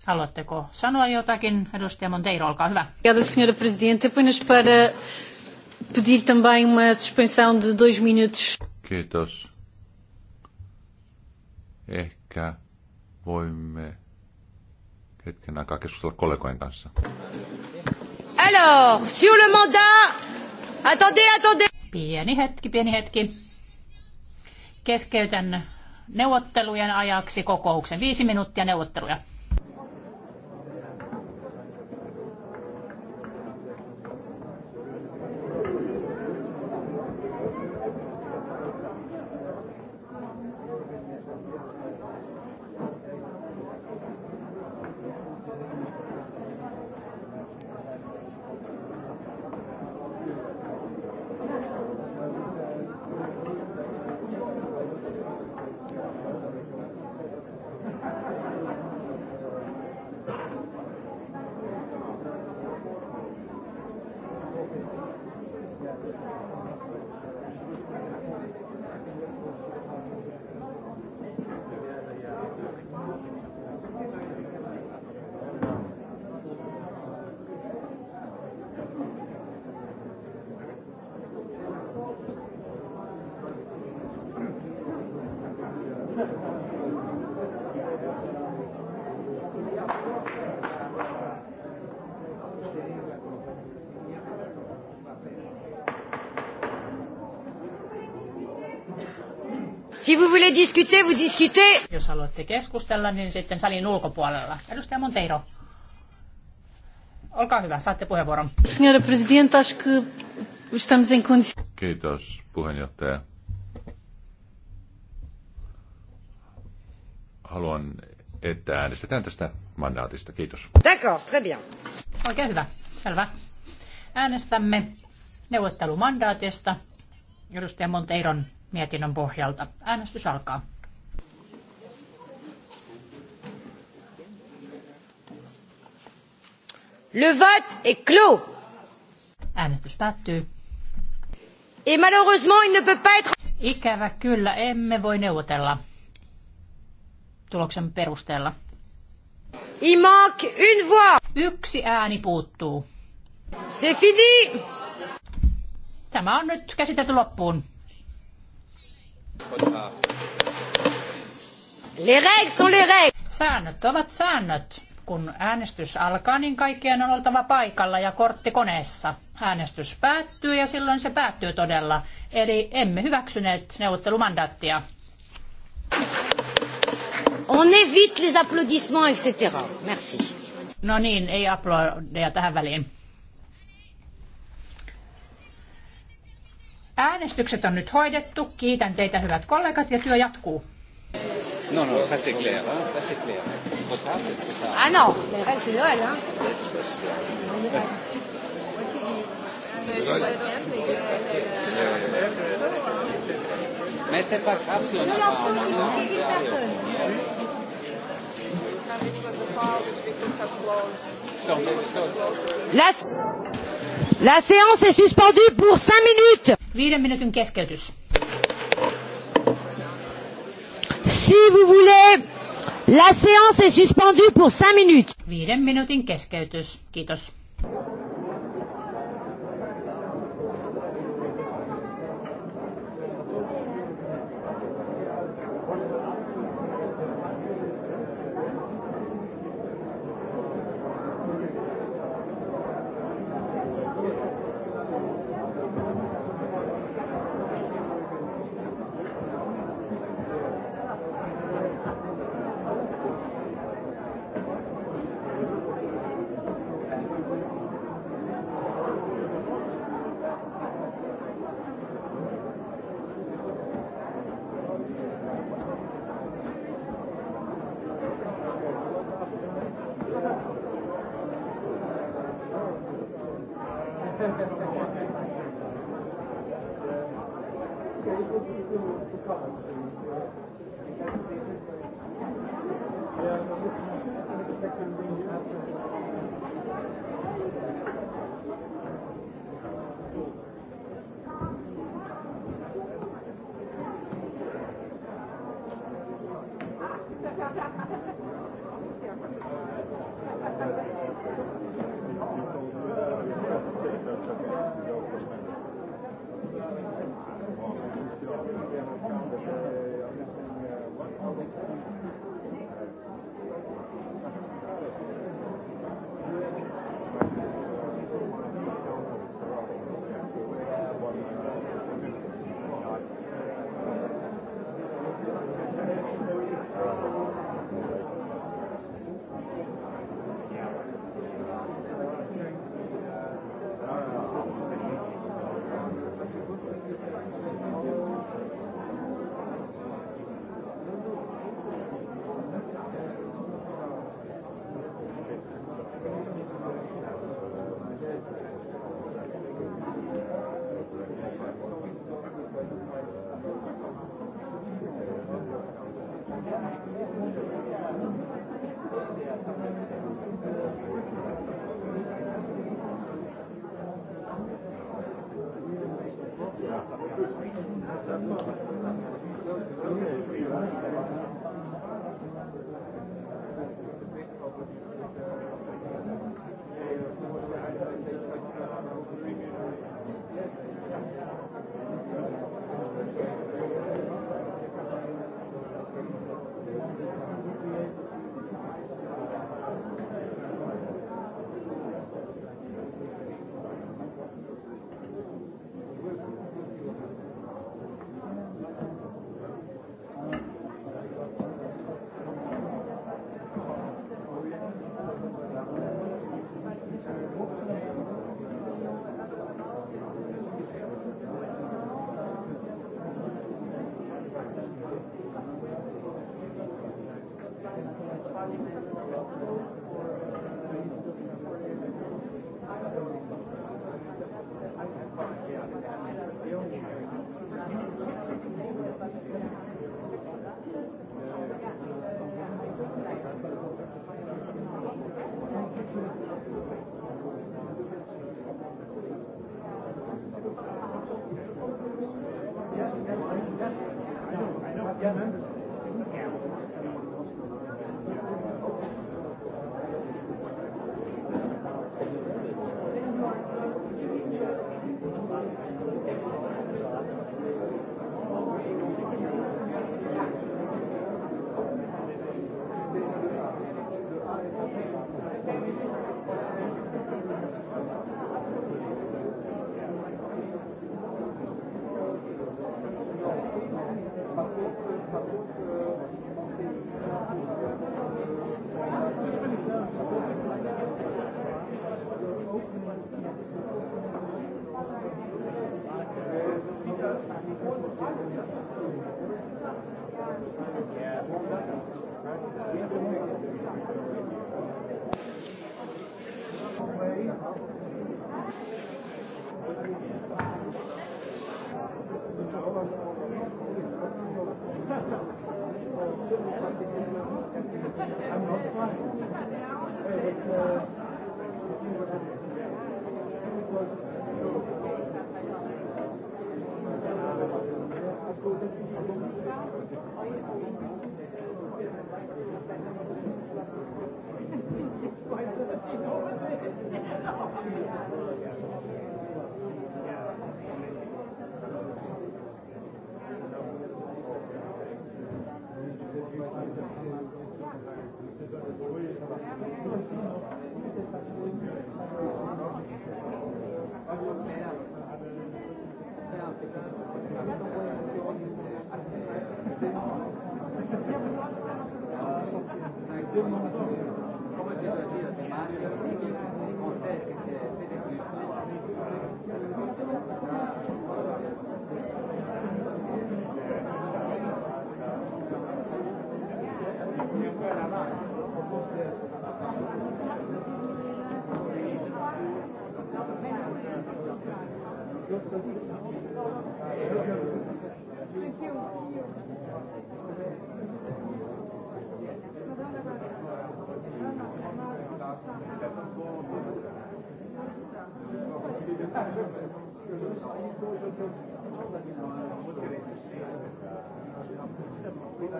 Haluatteko sanoa jotakin? Edustaja Monteiro, olkaa hyvä. Obrigada, senhora presidente. Apenas para pedir também uma suspensão de dois minutos. Kiitos. Ehkä voimme hetken aikaa keskustella kollegojen kanssa. Alors, sur le mandat... Attendez, attendez! Pieni hetki, pieni hetki. Keskeytän neuvottelujen ajaksi kokouksen. Viisi minuuttia neuvotteluja. Si vous voulez discuter, vous discutez. Jos haluatte keskustella, niin sitten salin ulkopuolella. Edustaja Monteiro. Olkaa hyvä, saatte puheenvuoron. Signora Presidenta, estamos en Kiitos, puheenjohtaja. Haluan, että äänestetään tästä mandaatista. Kiitos. D'accord, très bien. Oikein hyvä, selvä. Äänestämme neuvottelumandaatista edustaja Monteiron mietinnön pohjalta. Äänestys alkaa. Le vote est clos. Äänestys päättyy. Et malheureusement, il ne peut pas être... Ikävä kyllä, emme voi neuvotella tuloksen perusteella. Il manque une voix. Yksi ääni puuttuu. C'est fini. Tämä on nyt käsitelty loppuun. Les règles sont les règles. Säännöt ovat säännöt. Kun äänestys alkaa, niin kaikkien on oltava paikalla ja kortti koneessa. Äänestys päättyy ja silloin se päättyy todella. Eli emme hyväksyneet neuvottelumandaattia. On évite les applaudissements, etc. Merci. No niin, ei aplodeja tähän väliin. Äänestykset on nyt hoidettu. Kiitän teitä hyvät kollegat ja työ jatkuu. No, no, ça c'est clair, hein, ça c'est clair. Potable, c'est pas... Ah non, c'est Noël, hein. Mais c'est pas grave si on a pas en anglais, on La séance est suspendue pour 5 minutes. Viiden minuutin keskeytys. Si vous voulez, la séance est suspendue pour 5 minutes. Viiden minuutin keskeytys. Kiitos.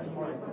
Good morning.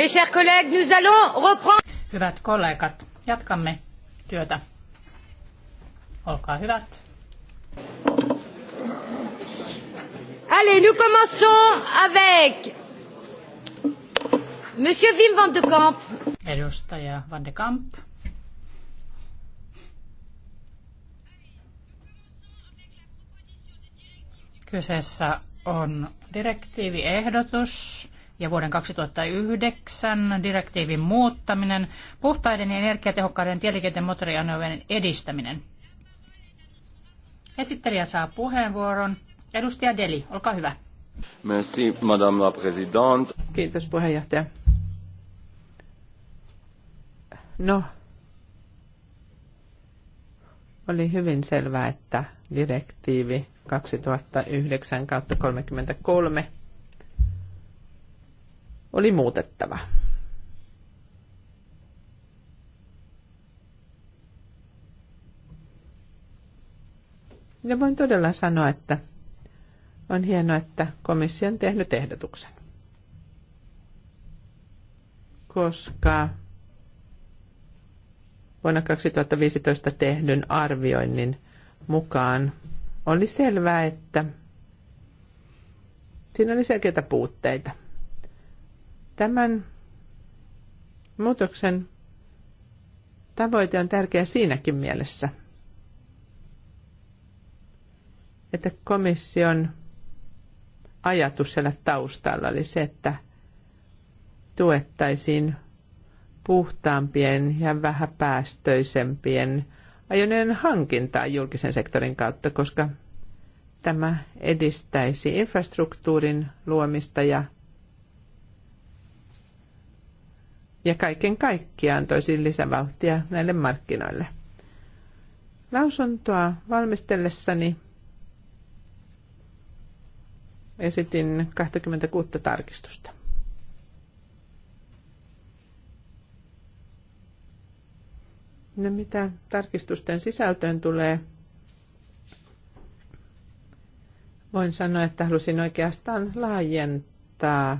Mes chers collègues, nous allons reprendre... Hyvät kollegat, jatkamme työtä. Olkaa hyvät. Allez, nous commençons avec Monsieur Wim van de Kamp. Edustaja van de Kamp. Kyseessä on direktiiviehdotus ja vuoden 2009 direktiivin muuttaminen, puhtaiden ja energiatehokkaiden tieliikenteen moottoriajoneuvojen edistäminen. Esittelijä saa puheenvuoron. Edustaja Deli, olkaa hyvä. Merci, Madame la Présidente. Kiitos puheenjohtaja. No, oli hyvin selvää, että direktiivi 2009 kautta 33 oli muutettava. Ja voin todella sanoa, että on hienoa, että komissio on tehnyt ehdotuksen. Koska vuonna 2015 tehdyn arvioinnin mukaan oli selvää, että siinä oli selkeitä puutteita. Tämän muutoksen tavoite on tärkeä siinäkin mielessä, että komission ajatus siellä taustalla oli se, että tuettaisiin puhtaampien ja vähäpäästöisempien ajoneen hankintaa julkisen sektorin kautta, koska tämä edistäisi infrastruktuurin luomista ja ja kaiken kaikkiaan toisi lisävauhtia näille markkinoille. Lausuntoa valmistellessani esitin 26 tarkistusta. No mitä tarkistusten sisältöön tulee, voin sanoa, että halusin oikeastaan laajentaa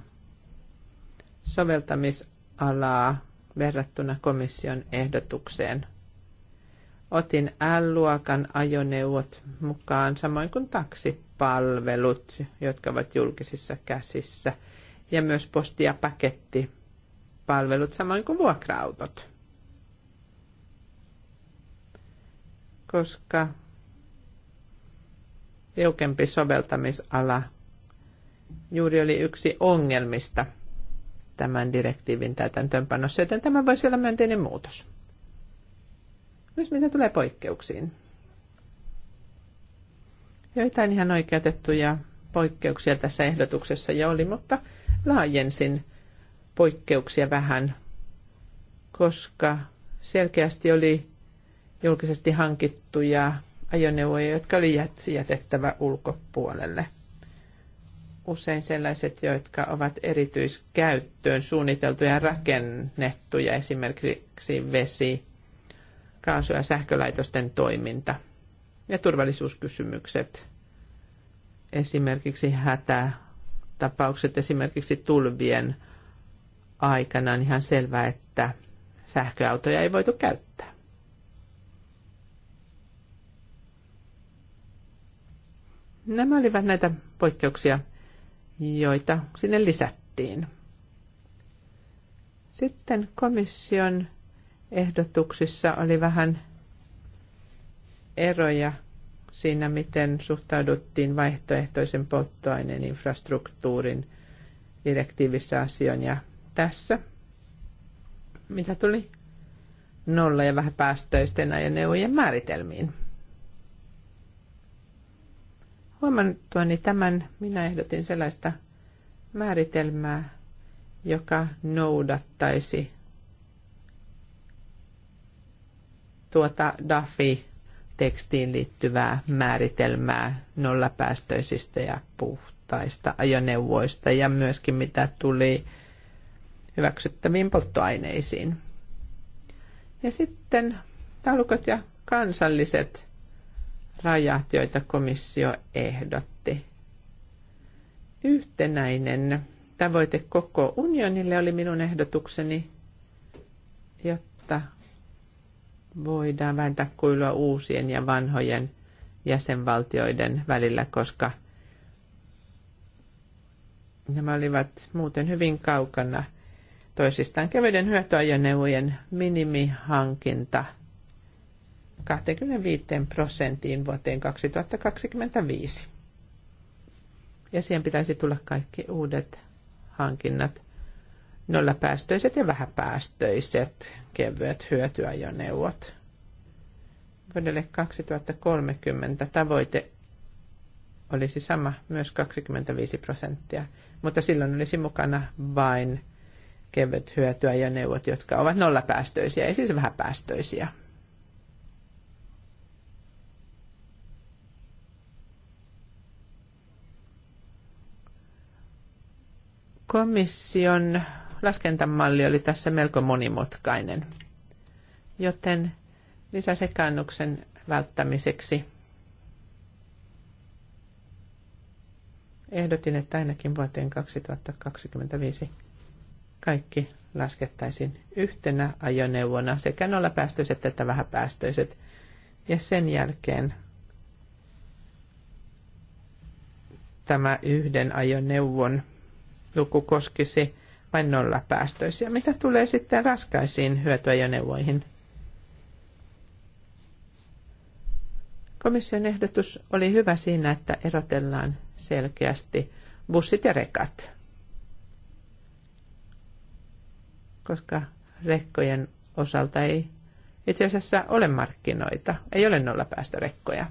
soveltamis alaa verrattuna komission ehdotukseen. Otin L-luokan ajoneuvot mukaan, samoin kuin taksipalvelut, jotka ovat julkisissa käsissä, ja myös posti- ja pakettipalvelut, samoin kuin vuokra-autot. Koska tiukempi soveltamisala juuri oli yksi ongelmista – tämän direktiivin täytäntöönpanossa, joten tämä voisi olla myönteinen muutos. Myös mitä tulee poikkeuksiin. Joitain ihan oikeutettuja poikkeuksia tässä ehdotuksessa jo oli, mutta laajensin poikkeuksia vähän, koska selkeästi oli julkisesti hankittuja ajoneuvoja, jotka oli jätettävä ulkopuolelle – usein sellaiset, jotka ovat erityiskäyttöön suunniteltuja ja rakennettuja, esimerkiksi vesi, kaasu- ja sähkölaitosten toiminta ja turvallisuuskysymykset, esimerkiksi hätätapaukset, esimerkiksi tulvien aikana on ihan selvää, että sähköautoja ei voitu käyttää. Nämä olivat näitä poikkeuksia joita sinne lisättiin. Sitten komission ehdotuksissa oli vähän eroja siinä, miten suhtauduttiin vaihtoehtoisen polttoaineen infrastruktuurin direktiivissä asioon ja tässä. Mitä tuli? Nolla ja vähän päästöisten ajoneuvojen määritelmiin. Huomannuttuani tämän minä ehdotin sellaista määritelmää, joka noudattaisi tuota DAFI-tekstiin liittyvää määritelmää nollapäästöisistä ja puhtaista ajoneuvoista ja myöskin mitä tuli hyväksyttäviin polttoaineisiin. Ja sitten taulukot ja kansalliset rajat, joita komissio ehdotti. Yhtenäinen tavoite koko unionille oli minun ehdotukseni, jotta voidaan vähentää kuilua uusien ja vanhojen jäsenvaltioiden välillä, koska nämä olivat muuten hyvin kaukana toisistaan. Kevyiden hyötyajoneuvojen minimihankinta – 25 prosenttiin vuoteen 2025. Ja siihen pitäisi tulla kaikki uudet hankinnat, nollapäästöiset ja vähäpäästöiset kevyet hyötyajoneuvot. Vuodelle 2030 tavoite olisi sama, myös 25 prosenttia, mutta silloin olisi mukana vain kevyet hyötyajoneuvot, jotka ovat nollapäästöisiä, ei siis vähäpäästöisiä Komission laskentamalli oli tässä melko monimutkainen, joten lisäsekannuksen välttämiseksi ehdotin, että ainakin vuoteen 2025 kaikki laskettaisiin yhtenä ajoneuvona, sekä nolla-päästöiset että vähäpäästöiset. Ja sen jälkeen tämä yhden ajoneuvon luku koskisi vain nollapäästöisiä. Mitä tulee sitten raskaisiin hyötyajoneuvoihin? Komission ehdotus oli hyvä siinä, että erotellaan selkeästi bussit ja rekat. Koska rekkojen osalta ei itse asiassa ole markkinoita, ei ole nollapäästörekkoja.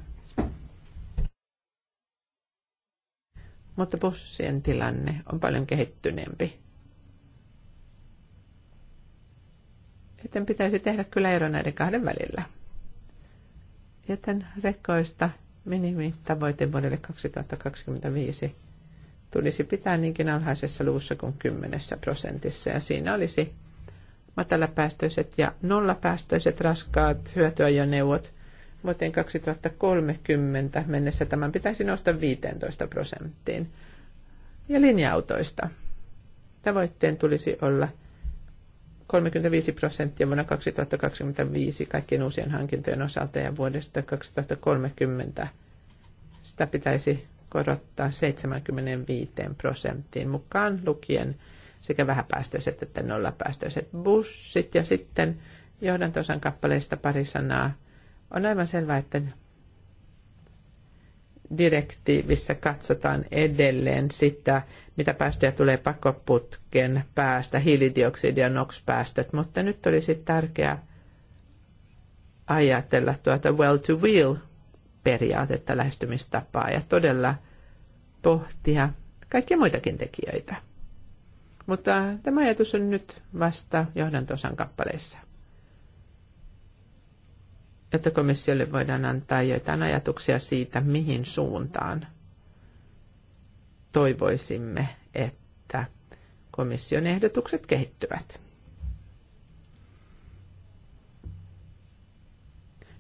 mutta bussien tilanne on paljon kehittyneempi. Joten pitäisi tehdä kyllä ero näiden kahden välillä. Joten rekkoista minimitavoite vuodelle 2025 tulisi pitää niinkin alhaisessa luvussa kuin 10 prosentissa. Ja siinä olisi matalapäästöiset ja nollapäästöiset raskaat hyötyajoneuvot – Vuoteen 2030 mennessä tämän pitäisi nousta 15 prosenttiin. Ja linja-autoista. Tavoitteen tulisi olla 35 prosenttia vuonna 2025 kaikkien uusien hankintojen osalta ja vuodesta 2030 sitä pitäisi korottaa 75 prosenttiin mukaan lukien sekä vähäpäästöiset että nollapäästöiset bussit. Ja sitten johdantosan kappaleista pari sanaa on aivan selvää, että direktiivissä katsotaan edelleen sitä, mitä päästöjä tulee pakoputken päästä, hiilidioksidia, NOx-päästöt, mutta nyt olisi tärkeää ajatella tuota well-to-wheel-periaatetta lähestymistapaa ja todella pohtia kaikkia muitakin tekijöitä. Mutta tämä ajatus on nyt vasta johdantosan kappaleissa että komissiolle voidaan antaa joitain ajatuksia siitä, mihin suuntaan toivoisimme, että komission ehdotukset kehittyvät.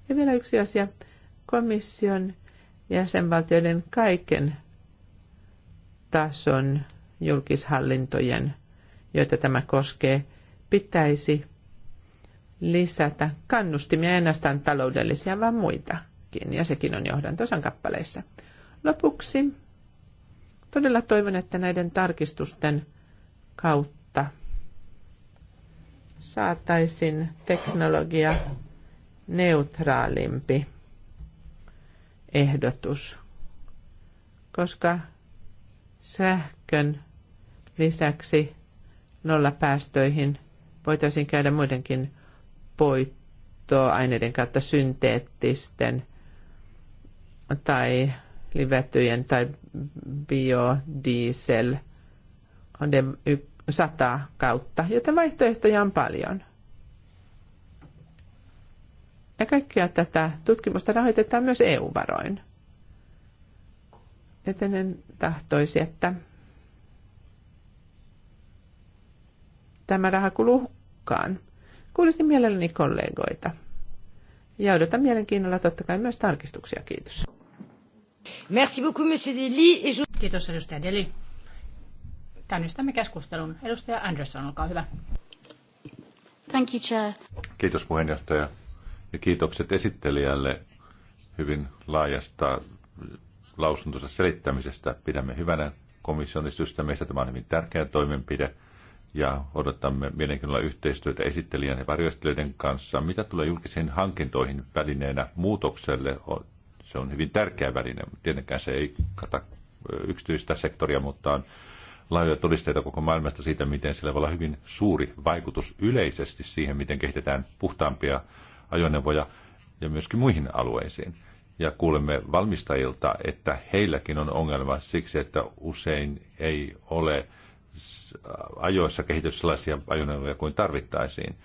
Ja vielä yksi asia. Komission jäsenvaltioiden kaiken tason julkishallintojen, joita tämä koskee, pitäisi lisätä kannustimia, ennastaan taloudellisia, vaan muitakin. Ja sekin on johdantosan kappaleissa. Lopuksi todella toivon, että näiden tarkistusten kautta saataisiin teknologia neutraalimpi ehdotus, koska sähkön lisäksi nollapäästöihin voitaisiin käydä muidenkin polttoaineiden kautta synteettisten tai livetyjen tai biodiesel on de kautta, joten vaihtoehtoja on paljon. Ja kaikkia tätä tutkimusta rahoitetaan myös EU-varoin. Joten en tahtoisi, että tämä raha kuluu hukkaan. Kuulisin mielelläni kollegoita. Ja odotan mielenkiinnolla totta kai myös tarkistuksia. Kiitos. Merci beaucoup, monsieur Deli. Kiitos, edustaja Deli. Käynnistämme keskustelun. Edustaja Anderson, olkaa hyvä. Thank you, Chair. Kiitos puheenjohtaja ja kiitokset esittelijälle hyvin laajasta lausuntonsa selittämisestä. Pidämme hyvänä komission esitystä. Meistä tämä on hyvin tärkeä toimenpide – ja odotamme mielenkiinnolla yhteistyötä esittelijän ja varjoistelijoiden kanssa. Mitä tulee julkisiin hankintoihin välineenä muutokselle, se on hyvin tärkeä väline. Tietenkään se ei kata yksityistä sektoria, mutta on laajoja todisteita koko maailmasta siitä, miten sillä voi olla hyvin suuri vaikutus yleisesti siihen, miten kehitetään puhtaampia ajoneuvoja ja myöskin muihin alueisiin. Ja kuulemme valmistajilta, että heilläkin on ongelma siksi, että usein ei ole ajoissa kehitys sellaisia ajoneuvoja kuin tarvittaisiin.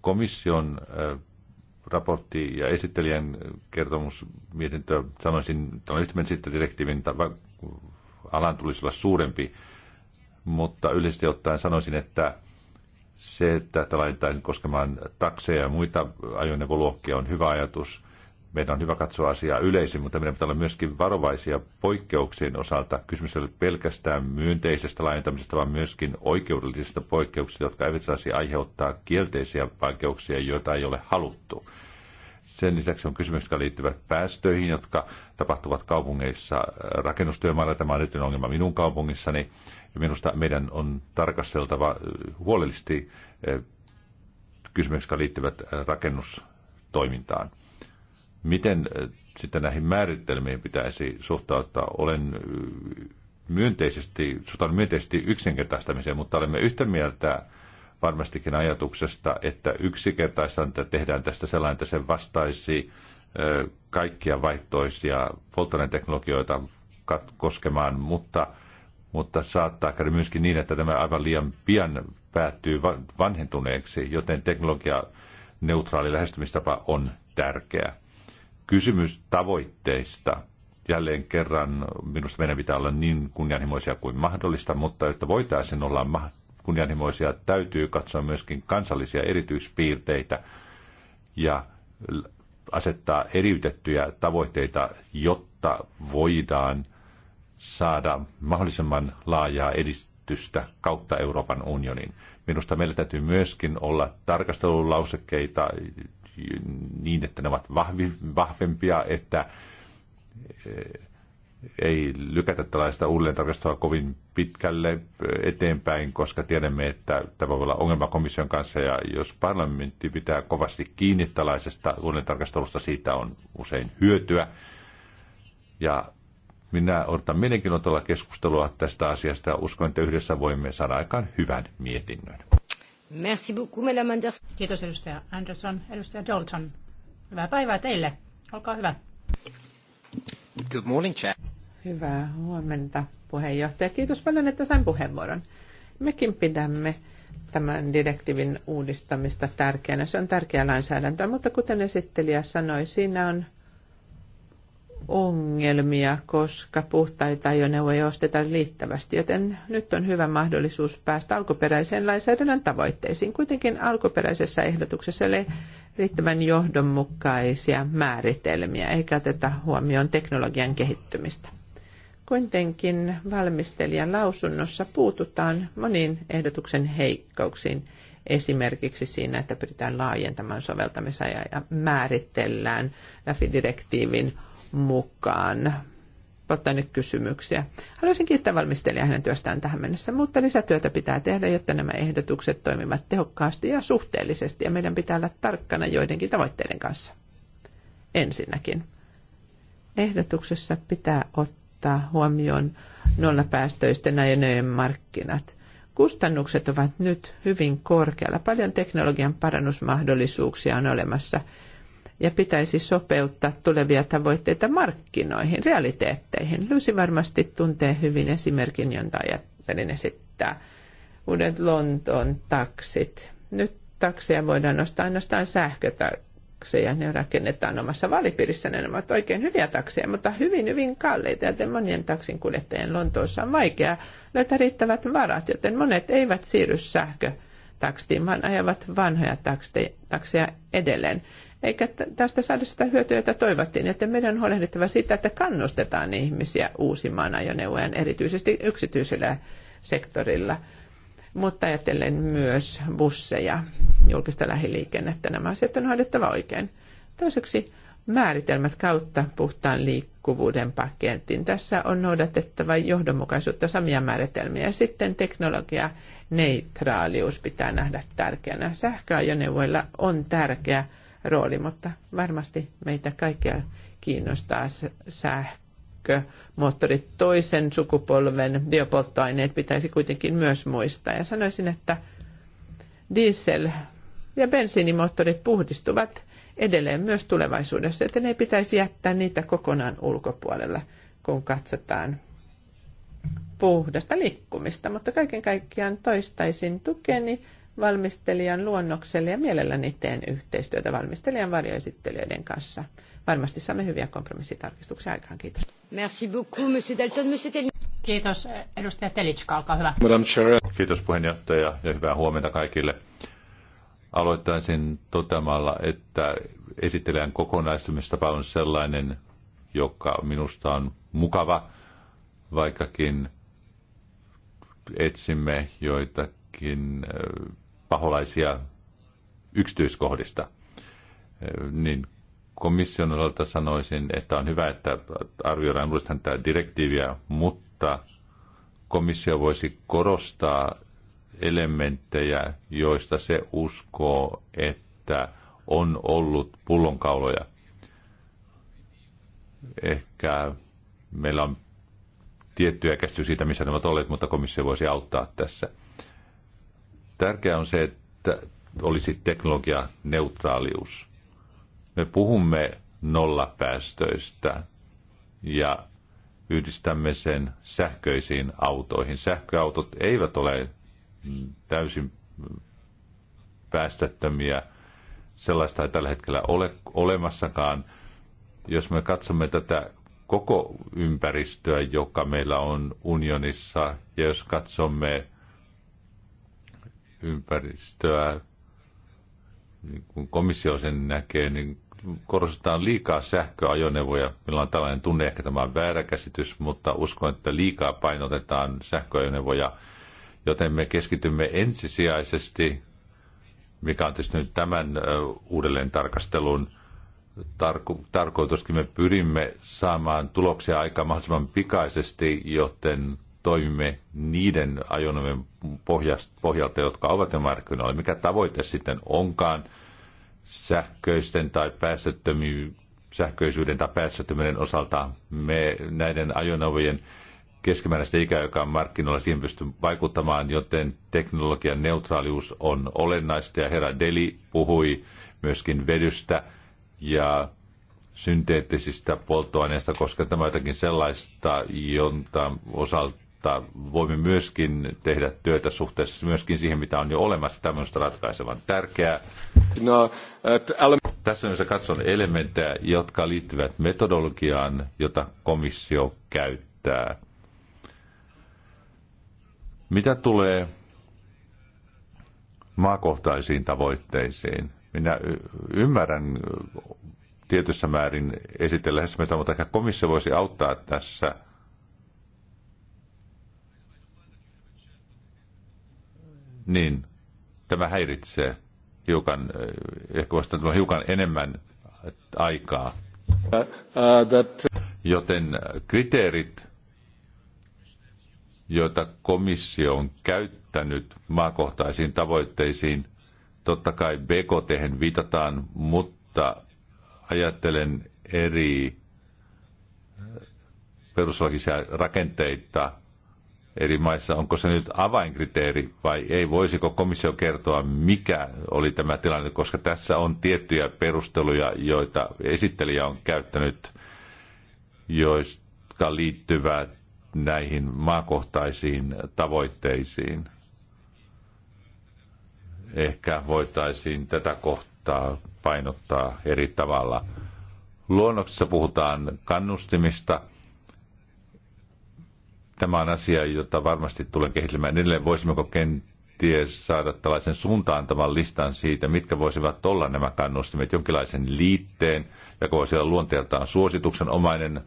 Komission raportti ja esittelijän kertomus, mietintö, sanoisin, että on yhtä sitten direktiivin alan tulisi olla suurempi, mutta yleisesti ottaen sanoisin, että se, että tätä laitetaan koskemaan takseja ja muita ajoneuvoluokkia on hyvä ajatus, meidän on hyvä katsoa asiaa yleisin, mutta meidän pitää olla myöskin varovaisia poikkeuksien osalta. Kysymys ei ole pelkästään myönteisestä laajentamisesta, vaan myöskin oikeudellisista poikkeuksista, jotka eivät saisi aiheuttaa kielteisiä vaikeuksia, joita ei ole haluttu. Sen lisäksi on kysymys, jotka liittyvät päästöihin, jotka tapahtuvat kaupungeissa äh, rakennustyömailla. Tämä on nyt ongelma minun kaupungissani. Ja minusta meidän on tarkasteltava äh, huolellisesti äh, kysymyksiä, jotka liittyvät rakennustoimintaan. Miten äh, sitten näihin määrittelmiin pitäisi suhtautua. Olen äh, myönteisesti, suhtaudun myönteisesti yksinkertaistamiseen, mutta olemme yhtä mieltä varmastikin ajatuksesta, että yksinkertaistanta tehdään tästä sellainen, että se vastaisi äh, kaikkia vaihtoisia polttoaineteknologioita koskemaan, mutta, mutta saattaa käydä myöskin niin, että tämä aivan liian pian päättyy vanhentuneeksi, joten teknologia neutraali lähestymistapa on tärkeä kysymys tavoitteista. Jälleen kerran minusta meidän pitää olla niin kunnianhimoisia kuin mahdollista, mutta jotta voitaisiin olla kunnianhimoisia, täytyy katsoa myöskin kansallisia erityispiirteitä ja asettaa eriytettyjä tavoitteita, jotta voidaan saada mahdollisimman laajaa edistystä kautta Euroopan unionin. Minusta meillä täytyy myöskin olla tarkastelulausekkeita, niin, että ne ovat vahvi, vahvempia, että eh, ei lykätä tällaista uudelleentarkastelua kovin pitkälle eh, eteenpäin, koska tiedämme, että tämä voi olla ongelma komission kanssa, ja jos parlamentti pitää kovasti kiinni tällaisesta uudelleentarkastelusta, siitä on usein hyötyä. Ja minä odotan mielenkiinnolla keskustelua tästä asiasta, ja uskon, että yhdessä voimme saada aikaan hyvän mietinnön. Merci beaucoup, Madame Anderson. Kiitos edustaja Anderson. Edustaja Dalton, hyvää päivää teille. Olkaa hyvä. Good morning, Chair. Hyvää huomenta, puheenjohtaja. Kiitos paljon, että sain puheenvuoron. Mekin pidämme tämän direktiivin uudistamista tärkeänä. Se on tärkeä lainsäädäntö, mutta kuten esittelijä sanoi, siinä on ongelmia, koska puhtaita ajoneuvoja osteta liittävästi, joten nyt on hyvä mahdollisuus päästä alkuperäiseen lainsäädännön tavoitteisiin. Kuitenkin alkuperäisessä ehdotuksessa oli riittävän johdonmukaisia määritelmiä, eikä oteta huomioon teknologian kehittymistä. Kuitenkin valmistelijan lausunnossa puututaan moniin ehdotuksen heikkouksiin, esimerkiksi siinä, että pyritään laajentamaan soveltamisajan ja määritellään läpi direktiivin mukaan ottaa nyt kysymyksiä. Haluaisin kiittää valmistelijaa hänen työstään tähän mennessä, mutta lisätyötä pitää tehdä, jotta nämä ehdotukset toimivat tehokkaasti ja suhteellisesti, ja meidän pitää olla tarkkana joidenkin tavoitteiden kanssa. Ensinnäkin, ehdotuksessa pitää ottaa huomioon nollapäästöisten ajoneen markkinat. Kustannukset ovat nyt hyvin korkealla. Paljon teknologian parannusmahdollisuuksia on olemassa – ja pitäisi sopeuttaa tulevia tavoitteita markkinoihin, realiteetteihin. Lucy varmasti tuntee hyvin esimerkin, jonka ajattelin esittää. Uudet Lontoon taksit. Nyt takseja voidaan ostaa ainoastaan sähkötakseja. Ne rakennetaan omassa vaalipiirissä. Ne ovat oikein hyviä takseja, mutta hyvin, hyvin kalliita, joten monien taksin kuljettajien Lontoossa on vaikea löytää riittävät varat, joten monet eivät siirry sähkö Taksiin, vaan ajavat vanhoja takseja edelleen eikä tästä saada sitä hyötyä, jota toivottiin. Joten meidän on huolehdittava siitä, että kannustetaan ihmisiä uusimaan ajoneuvoja, erityisesti yksityisellä sektorilla, mutta ajatellen myös busseja, julkista lähiliikennettä. Nämä asiat on hoidettava oikein. Toiseksi määritelmät kautta puhtaan liikkuvuuden pakettiin. Tässä on noudatettava johdonmukaisuutta samia määritelmiä. Ja sitten teknologia neutraalius pitää nähdä tärkeänä. Sähköajoneuvoilla on tärkeä rooli, mutta varmasti meitä kaikkia kiinnostaa sähkömoottorit. toisen sukupolven biopolttoaineet pitäisi kuitenkin myös muistaa. Ja sanoisin, että diesel ja bensiinimoottorit puhdistuvat edelleen myös tulevaisuudessa, että ne ei pitäisi jättää niitä kokonaan ulkopuolella, kun katsotaan puhdasta liikkumista. Mutta kaiken kaikkiaan toistaisin tukeni valmistelijan luonnokselle ja mielelläni teen yhteistyötä valmistelijan varjoesittelijöiden kanssa. Varmasti saamme hyviä kompromissitarkistuksia aikaan. Kiitos. Merci beaucoup, monsieur Dalton. Monsieur Tel- Kiitos. Edustaja Telitska, olkaa hyvä. Madame Chair. Kiitos puheenjohtaja ja hyvää huomenta kaikille. Aloittaisin toteamalla, että esittelijän kokonaistumistapa on sellainen, joka minusta on mukava, vaikkakin etsimme joitakin paholaisia yksityiskohdista. Niin komission osalta sanoisin, että on hyvä, että arvioidaan uudestaan tätä direktiiviä, mutta komissio voisi korostaa elementtejä, joista se uskoo, että on ollut pullonkauloja. Ehkä meillä on tiettyjä käsitystä siitä, missä ne ovat olleet, mutta komissio voisi auttaa tässä. Tärkeää on se, että olisi teknologianeutraalius. Me puhumme nollapäästöistä ja yhdistämme sen sähköisiin autoihin. Sähköautot eivät ole täysin päästöttömiä. Sellaista ei tällä hetkellä ole olemassakaan. Jos me katsomme tätä koko ympäristöä, joka meillä on unionissa, ja jos katsomme ympäristöä, niin kun komissio sen näkee, niin korostetaan liikaa sähköajoneuvoja. Meillä on tällainen tunne, ehkä tämä on väärä käsitys, mutta uskon, että liikaa painotetaan sähköajoneuvoja, joten me keskitymme ensisijaisesti, mikä on tietysti nyt tämän uudelleen tarkastelun tarko- tarkoituskin, me pyrimme saamaan tuloksia aika mahdollisimman pikaisesti, joten toimimme niiden ajoneuvojen pohjalta, jotka ovat jo markkinoilla. Mikä tavoite sitten onkaan sähköisten tai päästöttömyyden sähköisyyden tai päästöttömyyden osalta me näiden ajoneuvojen keskimääräistä ikää, joka on markkinoilla, siihen pystyy vaikuttamaan, joten teknologian neutraalius on olennaista. Ja herra Deli puhui myöskin vedystä ja synteettisistä polttoaineista, koska tämä on jotakin sellaista, jonka osalta mutta voimme myöskin tehdä työtä suhteessa myöskin siihen, mitä on jo olemassa. Tämä on ratkaisevan tärkeää. No, äh, Tässä mielessä katson elementtejä, jotka liittyvät metodologiaan, jota komissio käyttää. Mitä tulee maakohtaisiin tavoitteisiin? Minä y- ymmärrän tietyssä määrin esitellä, mutta ehkä komissio voisi auttaa tässä – niin tämä häiritsee hiukan, eh, ehkä voisi sanoa hiukan enemmän aikaa. Uh, uh, Joten eh, kriteerit, joita komissio on käyttänyt maakohtaisiin tavoitteisiin, totta kai BKT viitataan, mutta ajattelen eri eh, perustuslakisia rakenteita, eri maissa. Onko se nyt avainkriteeri vai ei? Voisiko komissio kertoa, mikä oli tämä tilanne, koska tässä on tiettyjä perusteluja, joita esittelijä on käyttänyt, jotka liittyvät näihin maakohtaisiin tavoitteisiin. Ehkä voitaisiin tätä kohtaa painottaa eri tavalla. Luonnoksessa puhutaan kannustimista – Tämä on asia, jota varmasti tulen kehittämään. edelleen. Voisimmeko kenties saada tällaisen suuntaantavan listan siitä, mitkä voisivat olla nämä kannustimet, jonkinlaisen liitteen, joka voisi olla luonteeltaan omainen,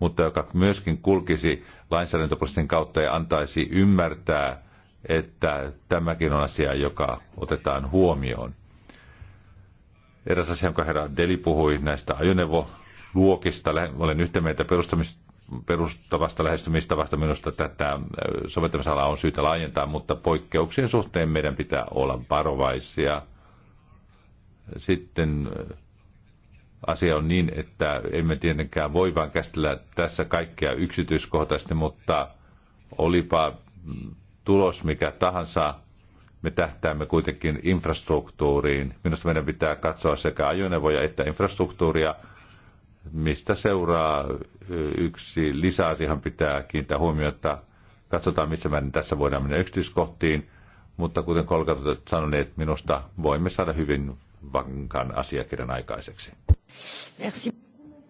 mutta joka myöskin kulkisi lainsäädäntöprosessin kautta ja antaisi ymmärtää, että tämäkin on asia, joka otetaan huomioon. Eräs asia, jonka herra Deli puhui näistä ajoneuvoluokista, olen yhtä mieltä perustamista perustavasta lähestymistavasta minusta tätä äh, soveltamisalaa on syytä laajentaa, mutta poikkeuksien suhteen meidän pitää olla varovaisia. Sitten äh, asia on niin, että emme tietenkään voi vain käsitellä tässä kaikkea yksityiskohtaisesti, mutta olipa tulos mikä tahansa, me tähtäämme kuitenkin infrastruktuuriin. Minusta meidän pitää katsoa sekä ajoneuvoja että infrastruktuuria – mistä seuraa yksi lisäasiahan pitää kiinnittää huomiota. Katsotaan, missä määrin tässä voidaan mennä yksityiskohtiin, mutta kuten kollegat ovat sanoneet, minusta voimme saada hyvin vankan asiakirjan aikaiseksi. Merci.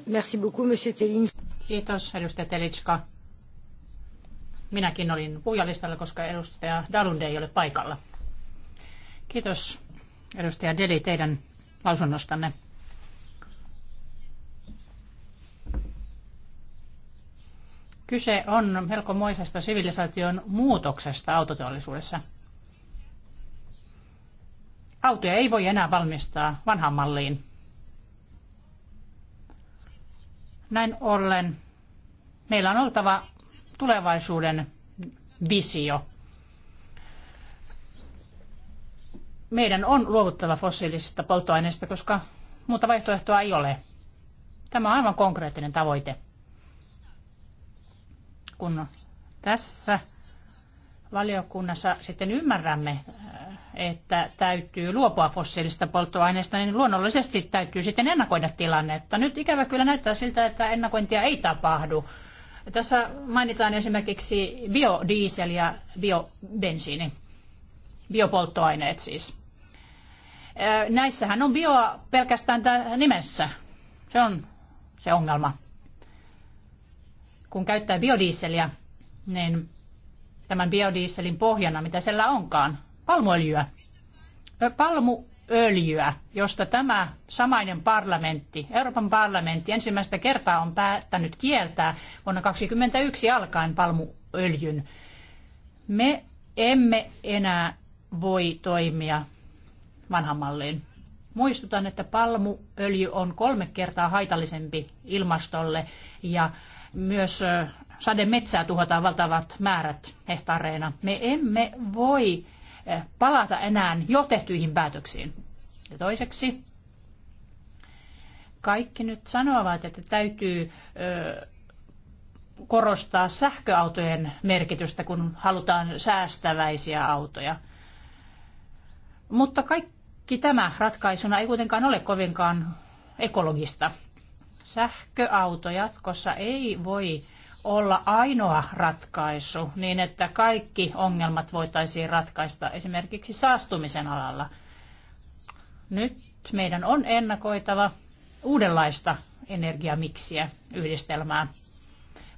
Merci beaucoup, monsieur Telin. Kiitos, edustaja Telitska. Minäkin olin puhujalistalla, koska edustaja Dalunde ei ole paikalla. Kiitos, edustaja Deli, teidän lausunnostanne. Kyse on melkomoisesta sivilisaation muutoksesta autoteollisuudessa. Autoja ei voi enää valmistaa vanhaan malliin. Näin ollen meillä on oltava tulevaisuuden visio. Meidän on luovuttava fossiilisista polttoaineista, koska muuta vaihtoehtoa ei ole. Tämä on aivan konkreettinen tavoite kun tässä valiokunnassa sitten ymmärrämme, äh, että täytyy luopua fossiilista polttoaineista, niin luonnollisesti täytyy sitten ennakoida tilannetta. Nyt ikävä kyllä näyttää siltä, että ennakointia ei tapahdu. Tässä mainitaan esimerkiksi biodiesel ja biobensiini, biopolttoaineet siis. Äh, näissähän on bio pelkästään nimessä. Se on se ongelma kun käyttää biodieseliä, niin tämän biodieselin pohjana, mitä siellä onkaan, palmuöljyä. Palmuöljyä, josta tämä samainen parlamentti, Euroopan parlamentti, ensimmäistä kertaa on päättänyt kieltää vuonna 2021 alkaen palmuöljyn. Me emme enää voi toimia vanhan malliin. Muistutan, että palmuöljy on kolme kertaa haitallisempi ilmastolle ja myös sademetsää tuhotaan valtavat määrät hehtaareina. Me emme voi palata enää jo tehtyihin päätöksiin. Ja toiseksi, kaikki nyt sanovat, että täytyy korostaa sähköautojen merkitystä, kun halutaan säästäväisiä autoja. Mutta kaikki tämä ratkaisuna ei kuitenkaan ole kovinkaan ekologista sähköauto jatkossa ei voi olla ainoa ratkaisu niin, että kaikki ongelmat voitaisiin ratkaista esimerkiksi saastumisen alalla. Nyt meidän on ennakoitava uudenlaista energiamiksiä, yhdistelmää.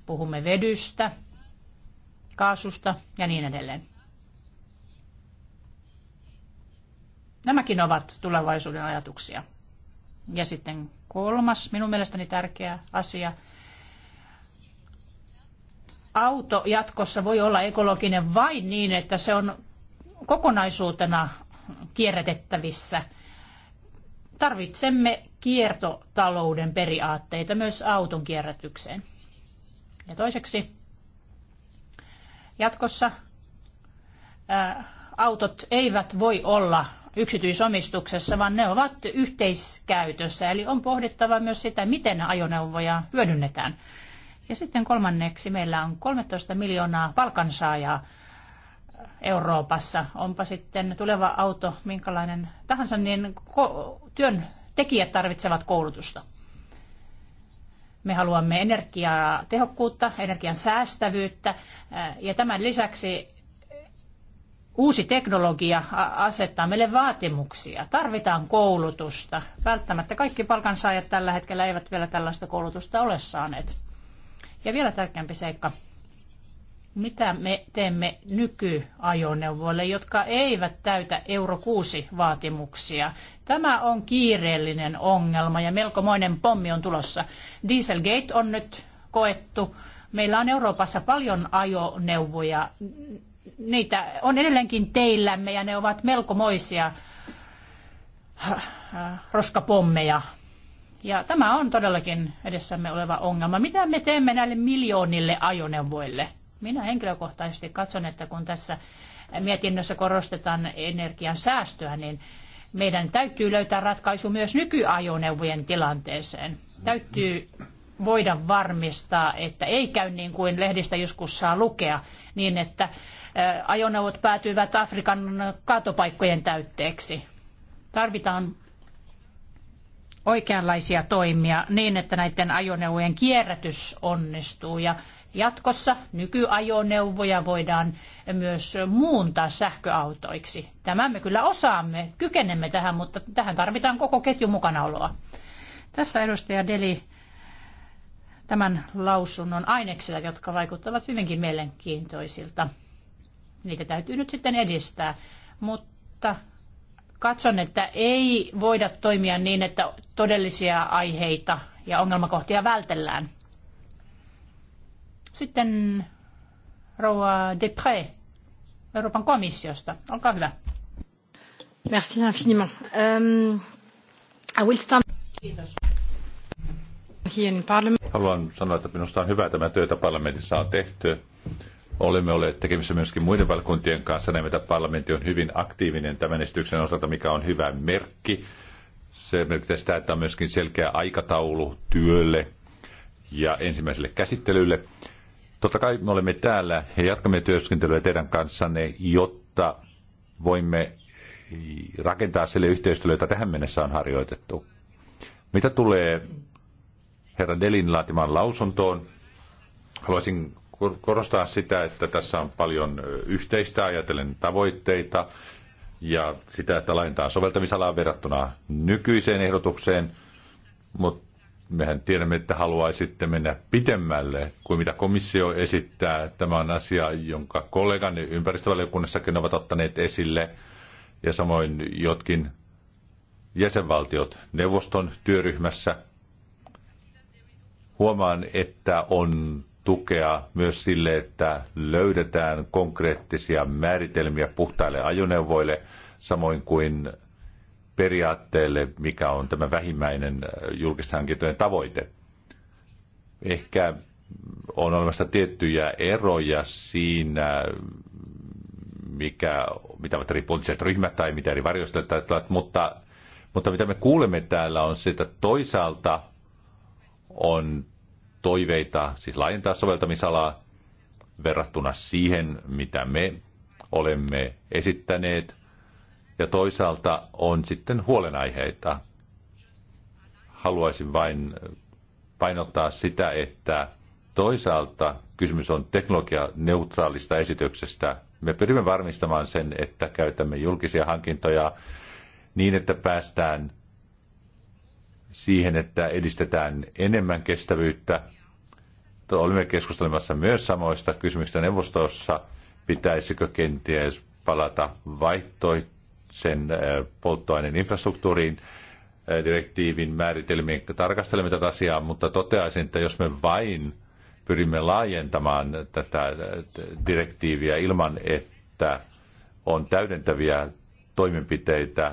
Puhumme vedystä, kaasusta ja niin edelleen. Nämäkin ovat tulevaisuuden ajatuksia. Ja sitten Kolmas, minun mielestäni tärkeä asia. Auto jatkossa voi olla ekologinen vain niin, että se on kokonaisuutena kierrätettävissä. Tarvitsemme kiertotalouden periaatteita myös auton kierrätykseen. Ja toiseksi jatkossa ää, autot eivät voi olla yksityisomistuksessa, vaan ne ovat yhteiskäytössä. Eli on pohdittava myös sitä, miten ajoneuvoja hyödynnetään. Ja sitten kolmanneksi meillä on 13 miljoonaa palkansaajaa Euroopassa. Onpa sitten tuleva auto minkälainen tahansa, niin työn tekijät tarvitsevat koulutusta. Me haluamme energiatehokkuutta, tehokkuutta, energian säästävyyttä ja tämän lisäksi uusi teknologia asettaa meille vaatimuksia. Tarvitaan koulutusta. Välttämättä kaikki palkansaajat tällä hetkellä eivät vielä tällaista koulutusta ole saaneet. Ja vielä tärkeämpi seikka. Mitä me teemme nykyajoneuvoille, jotka eivät täytä Euro 6 vaatimuksia? Tämä on kiireellinen ongelma ja melkomoinen pommi on tulossa. Dieselgate on nyt koettu. Meillä on Euroopassa paljon ajoneuvoja, niitä on edelleenkin teillämme ja ne ovat melkomoisia äh, roskapommeja. Ja tämä on todellakin edessämme oleva ongelma. Mitä me teemme näille miljoonille ajoneuvoille? Minä henkilökohtaisesti katson, että kun tässä mietinnössä korostetaan energian säästöä, niin meidän täytyy löytää ratkaisu myös nykyajoneuvojen tilanteeseen. Täytyy voida varmistaa, että ei käy niin kuin lehdistä joskus saa lukea, niin että ajoneuvot päätyivät Afrikan kaatopaikkojen täytteeksi. Tarvitaan oikeanlaisia toimia niin, että näiden ajoneuvojen kierrätys onnistuu ja jatkossa nykyajoneuvoja voidaan myös muuntaa sähköautoiksi. Tämän me kyllä osaamme, kykenemme tähän, mutta tähän tarvitaan koko ketjun mukanaoloa. Tässä edustaja Deli tämän lausunnon aineksilla, jotka vaikuttavat hyvinkin mielenkiintoisilta. Niitä täytyy nyt sitten edistää. Mutta katson, että ei voida toimia niin, että todellisia aiheita ja ongelmakohtia vältellään. Sitten rouva Depré Euroopan komissiosta. Olkaa hyvä. Merci infiniment. Um, I will start... Kiitos. Haluan sanoa, että minusta on hyvä tämä työtä parlamentissa on tehty. Olemme olleet tekemisissä myöskin muiden valkuntien kanssa. Näemme, että parlamentti on hyvin aktiivinen tämän esityksen osalta, mikä on hyvä merkki. Se merkitsee sitä, että on myöskin selkeä aikataulu työlle ja ensimmäiselle käsittelylle. Totta kai me olemme täällä ja jatkamme työskentelyä teidän kanssanne, jotta voimme rakentaa sille yhteistyölle, jota tähän mennessä on harjoitettu. Mitä tulee herra Delin laatimaan lausuntoon, haluaisin korostaa sitä, että tässä on paljon yhteistä ajatellen tavoitteita ja sitä, että laajentaa soveltamisalaa verrattuna nykyiseen ehdotukseen, mutta mehän tiedämme, että haluaisitte mennä pitemmälle kuin mitä komissio esittää. Tämä on asia, jonka kollegani ympäristövaliokunnassakin ovat ottaneet esille ja samoin jotkin jäsenvaltiot neuvoston työryhmässä. Huomaan, että on tukea myös sille, että löydetään konkreettisia määritelmiä puhtaille ajoneuvoille, samoin kuin periaatteelle, mikä on tämä vähimmäinen äh, julkisten hankintojen tavoite. Ehkä on olemassa tiettyjä eroja siinä, mikä, mitä ovat eri poliittiset ryhmät tai mitä eri varjostelut mutta, mutta mitä me kuulemme täällä on se, että toisaalta on toiveita, siis laajentaa soveltamisalaa verrattuna siihen, mitä me olemme esittäneet. Ja toisaalta on sitten huolenaiheita. Haluaisin vain painottaa sitä, että toisaalta kysymys on teknologianeutraalista esityksestä. Me pyrimme varmistamaan sen, että käytämme julkisia hankintoja niin, että päästään siihen, että edistetään enemmän kestävyyttä olimme keskustelemassa myös samoista kysymyksistä neuvostossa, pitäisikö kenties palata vaihtoisen äh, polttoaineen infrastruktuuriin äh, direktiivin määritelmien Tarkastelemme tätä asiaa, mutta toteaisin, että jos me vain pyrimme laajentamaan tätä äh, direktiiviä ilman, että on täydentäviä toimenpiteitä,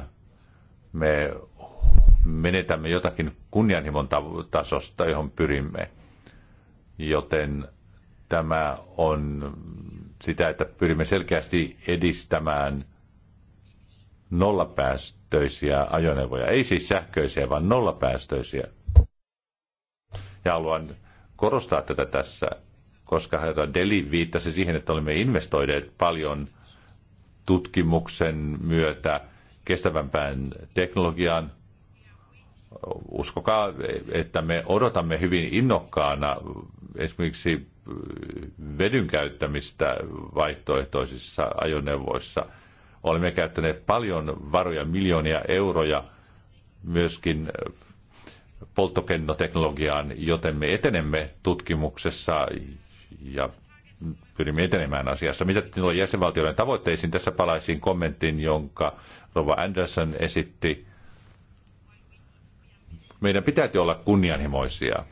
me menetämme jotakin kunnianhimon tasosta, johon pyrimme joten tämä on sitä, että pyrimme selkeästi edistämään nollapäästöisiä ajoneuvoja. Ei siis sähköisiä, vaan nollapäästöisiä. Ja haluan korostaa tätä tässä, koska Deli viittasi siihen, että olemme investoineet paljon tutkimuksen myötä kestävämpään teknologiaan. Uskokaa, että me odotamme hyvin innokkaana esimerkiksi äh, vedyn käyttämistä vaihtoehtoisissa ajoneuvoissa. Olemme käyttäneet paljon varoja, miljoonia euroja myöskin äh, polttokennoteknologiaan, joten me etenemme tutkimuksessa ja pyrimme etenemään asiassa. Mitä tulee jäsenvaltioiden tavoitteisiin, tässä palaisin kommenttiin, jonka Rova Anderson esitti. Meidän pitäisi olla kunnianhimoisia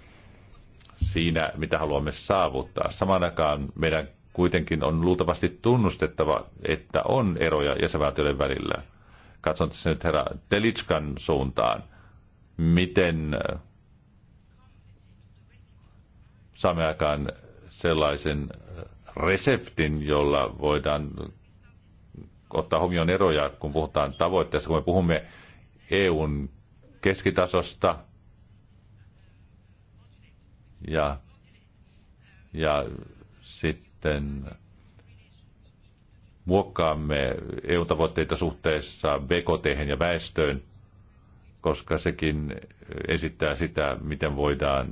siinä, mitä haluamme saavuttaa. Samaan aikaan meidän kuitenkin on luultavasti tunnustettava, että on eroja jäsenvaltioiden välillä. Katson tässä nyt herra Telitskan suuntaan. Miten äh, saamme aikaan sellaisen äh, reseptin, jolla voidaan ottaa huomioon eroja, kun puhutaan tavoitteesta, kun me puhumme EUn keskitasosta – ja, ja sitten muokkaamme EU-tavoitteita suhteessa BKT ja väestöön, koska sekin esittää sitä, miten voidaan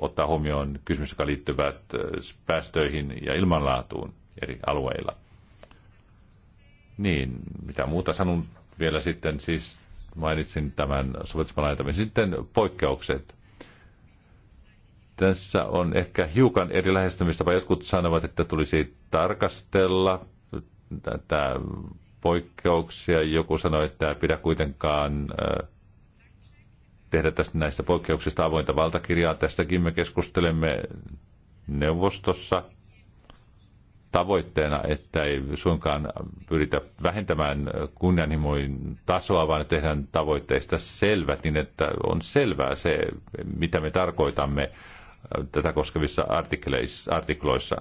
ottaa huomioon kysymys, joka liittyvät päästöihin ja ilmanlaatuun eri alueilla. Niin, mitä muuta sanon vielä sitten, siis mainitsin tämän sovitusmalaitamisen. Sitten poikkeukset. Tässä on ehkä hiukan eri lähestymistapa. Jotkut sanovat, että tulisi tarkastella tätä poikkeuksia. Joku sanoi, että pidä kuitenkaan äh, tehdä tästä näistä poikkeuksista avointa valtakirjaa. Tästäkin me keskustelemme neuvostossa tavoitteena, että ei suinkaan pyritä vähentämään kunnianhimoin tasoa, vaan tehdään tavoitteista selvät niin, että on selvää se, mitä me tarkoitamme tätä koskevissa artikloissa.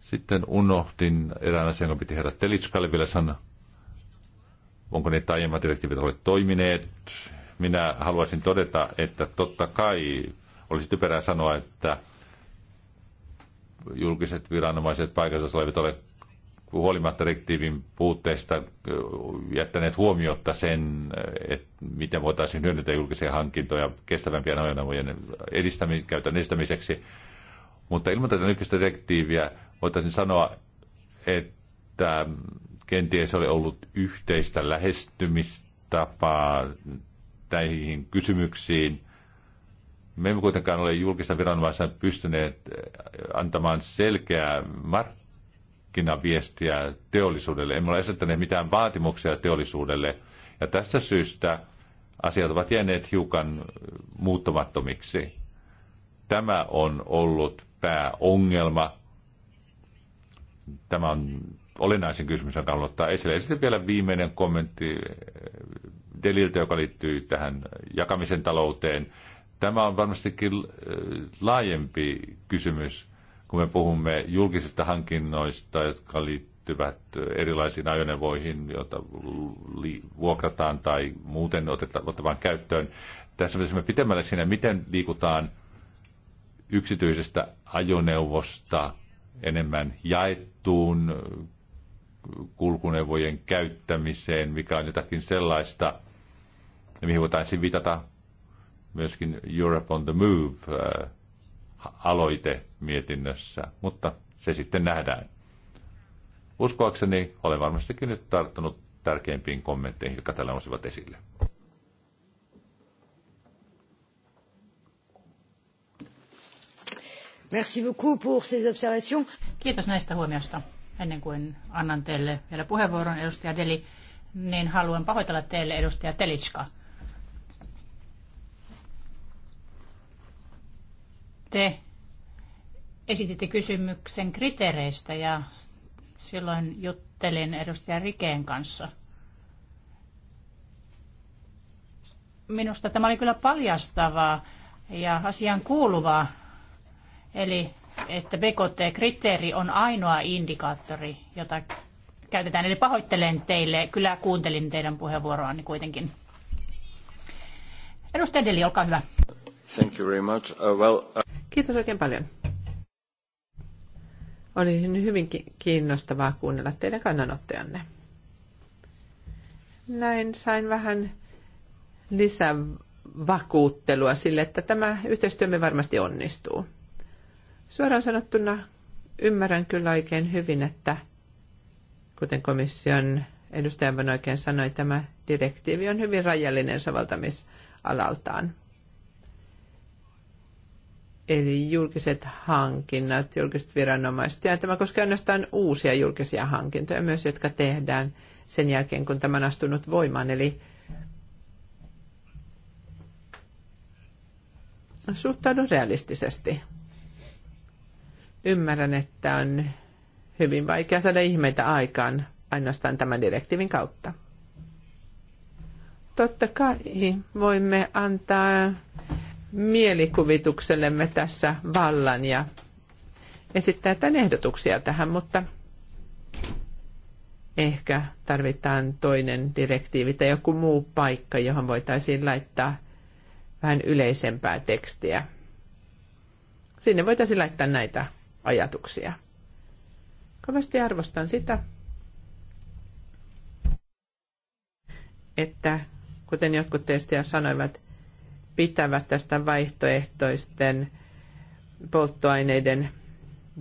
Sitten unohdin erään asian, kun piti herra Telitskalle vielä sanoa. Onko ne aiemmat direktiivit ole toimineet? Minä haluaisin todeta, että totta kai olisi typerää sanoa, että julkiset viranomaiset paikassa olevat ole huolimatta direktiivin puutteista jättäneet huomiota sen, että miten voitaisiin hyödyntää julkisia hankintoja kestävämpien ajoneuvojen edistämi- käytön edistämiseksi. Mutta ilman tätä nykyistä direktiiviä voitaisiin sanoa, että kenties oli ollut yhteistä lähestymistapaa näihin kysymyksiin. Me emme kuitenkaan ole julkista viranomaisena pystyneet antamaan selkeää markkinoita markkinaviestiä teollisuudelle. Emme ole esittäneet mitään vaatimuksia teollisuudelle. Ja tästä syystä asiat ovat jääneet hiukan muuttumattomiksi. Tämä on ollut pääongelma. Tämä on olennaisin kysymys, jonka haluan ottaa esille. Ja sitten vielä viimeinen kommentti eh, Deliltä, joka liittyy tähän jakamisen talouteen. Tämä on varmastikin eh, laajempi kysymys kun me puhumme julkisista hankinnoista, jotka liittyvät erilaisiin ajoneuvoihin, joita vuokrataan tai muuten otetaan, otetaan käyttöön. Tässä me pitemmälle siinä, miten liikutaan yksityisestä ajoneuvosta enemmän jaettuun kulkuneuvojen käyttämiseen, mikä on jotakin sellaista, mihin voitaisiin viitata myöskin Europe on the Move äh, aloite mietinnössä, mutta se sitten nähdään. Uskoakseni olen varmastikin nyt tarttunut tärkeimpiin kommentteihin, jotka täällä nousivat esille. Merci beaucoup pour ces observations. Kiitos näistä huomioista. Ennen kuin annan teille vielä puheenvuoron, edustaja Deli, niin haluan pahoitella teille edustaja Telitska. Te esititte kysymyksen kriteereistä ja silloin juttelin edustaja Rikeen kanssa. Minusta tämä oli kyllä paljastavaa ja asian kuuluvaa. Eli että BKT-kriteeri on ainoa indikaattori, jota käytetään. Eli pahoittelen teille, kyllä kuuntelin teidän puheenvuoroanne kuitenkin. Edustaja Deli, olkaa hyvä. Thank you very much. Uh, well, uh... Kiitos oikein paljon. Oli hyvin kiinnostavaa kuunnella teidän kannanottojanne. Näin sain vähän lisää vakuuttelua sille, että tämä yhteistyömme varmasti onnistuu. Suoraan sanottuna ymmärrän kyllä oikein hyvin, että kuten komission edustajan oikein sanoi, tämä direktiivi on hyvin rajallinen soveltamisalaltaan eli julkiset hankinnat, julkiset viranomaiset. Ja tämä koskee ainoastaan uusia julkisia hankintoja myös, jotka tehdään sen jälkeen, kun tämä on astunut voimaan. Eli suhtaudun realistisesti. Ymmärrän, että on hyvin vaikea saada ihmeitä aikaan ainoastaan tämän direktiivin kautta. Totta kai voimme antaa mielikuvituksellemme tässä vallan ja esittää tämän ehdotuksia tähän, mutta ehkä tarvitaan toinen direktiivi tai joku muu paikka, johon voitaisiin laittaa vähän yleisempää tekstiä. Sinne voitaisiin laittaa näitä ajatuksia. Kovasti arvostan sitä, että kuten jotkut teistä sanoivat, pitävät tästä vaihtoehtoisten polttoaineiden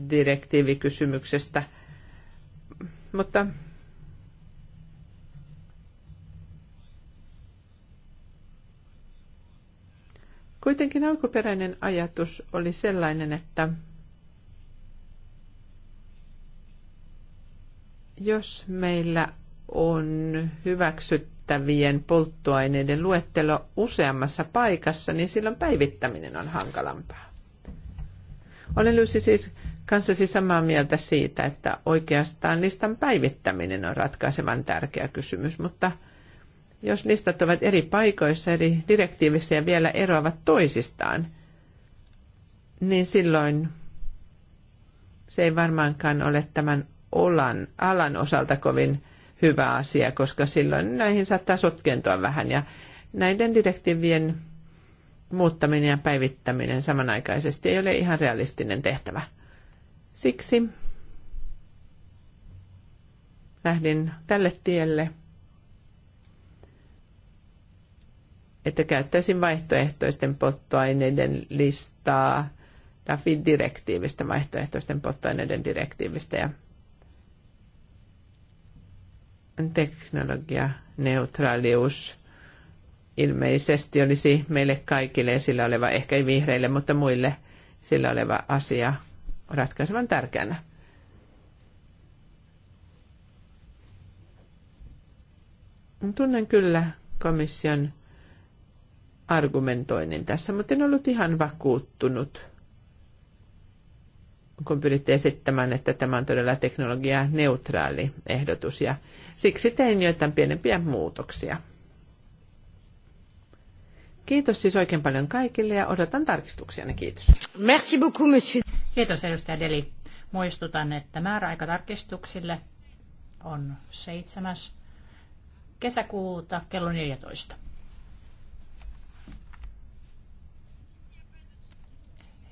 direktiivikysymyksestä. Mutta kuitenkin alkuperäinen ajatus oli sellainen, että jos meillä on hyväksytty käytettävien polttoaineiden luettelo useammassa paikassa, niin silloin päivittäminen on hankalampaa. Olen Lucy siis kanssasi samaa mieltä siitä, että oikeastaan listan päivittäminen on ratkaisevan tärkeä kysymys, mutta jos listat ovat eri paikoissa, eri direktiivissä ja vielä eroavat toisistaan, niin silloin se ei varmaankaan ole tämän olan, alan osalta kovin hyvä asia, koska silloin näihin saattaa sotkentua vähän ja näiden direktiivien muuttaminen ja päivittäminen samanaikaisesti ei ole ihan realistinen tehtävä. Siksi lähdin tälle tielle, että käyttäisin vaihtoehtoisten polttoaineiden listaa DAFI-direktiivistä, vaihtoehtoisten polttoaineiden direktiivistä ja teknologia neutraalius ilmeisesti olisi meille kaikille sillä oleva, ehkä ei vihreille, mutta muille sillä oleva asia ratkaisevan tärkeänä. Tunnen kyllä komission argumentoinnin tässä, mutta en ollut ihan vakuuttunut – kun pyritte esittämään, että tämä on todella neutraali ehdotus. Ja siksi tein joitain pienempiä muutoksia. Kiitos siis oikein paljon kaikille ja odotan tarkistuksia. Kiitos. Merci beaucoup, monsieur. Kiitos edustaja Deli. Muistutan, että määräaika tarkistuksille on 7. kesäkuuta kello 14.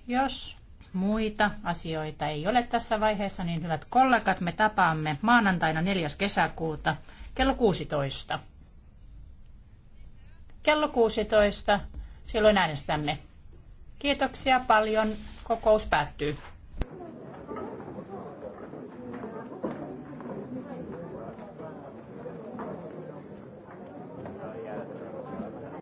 Jos muita asioita ei ole tässä vaiheessa, niin hyvät kollegat, me tapaamme maanantaina 4. kesäkuuta kello 16. Kello 16, silloin äänestämme. Kiitoksia paljon, kokous päättyy.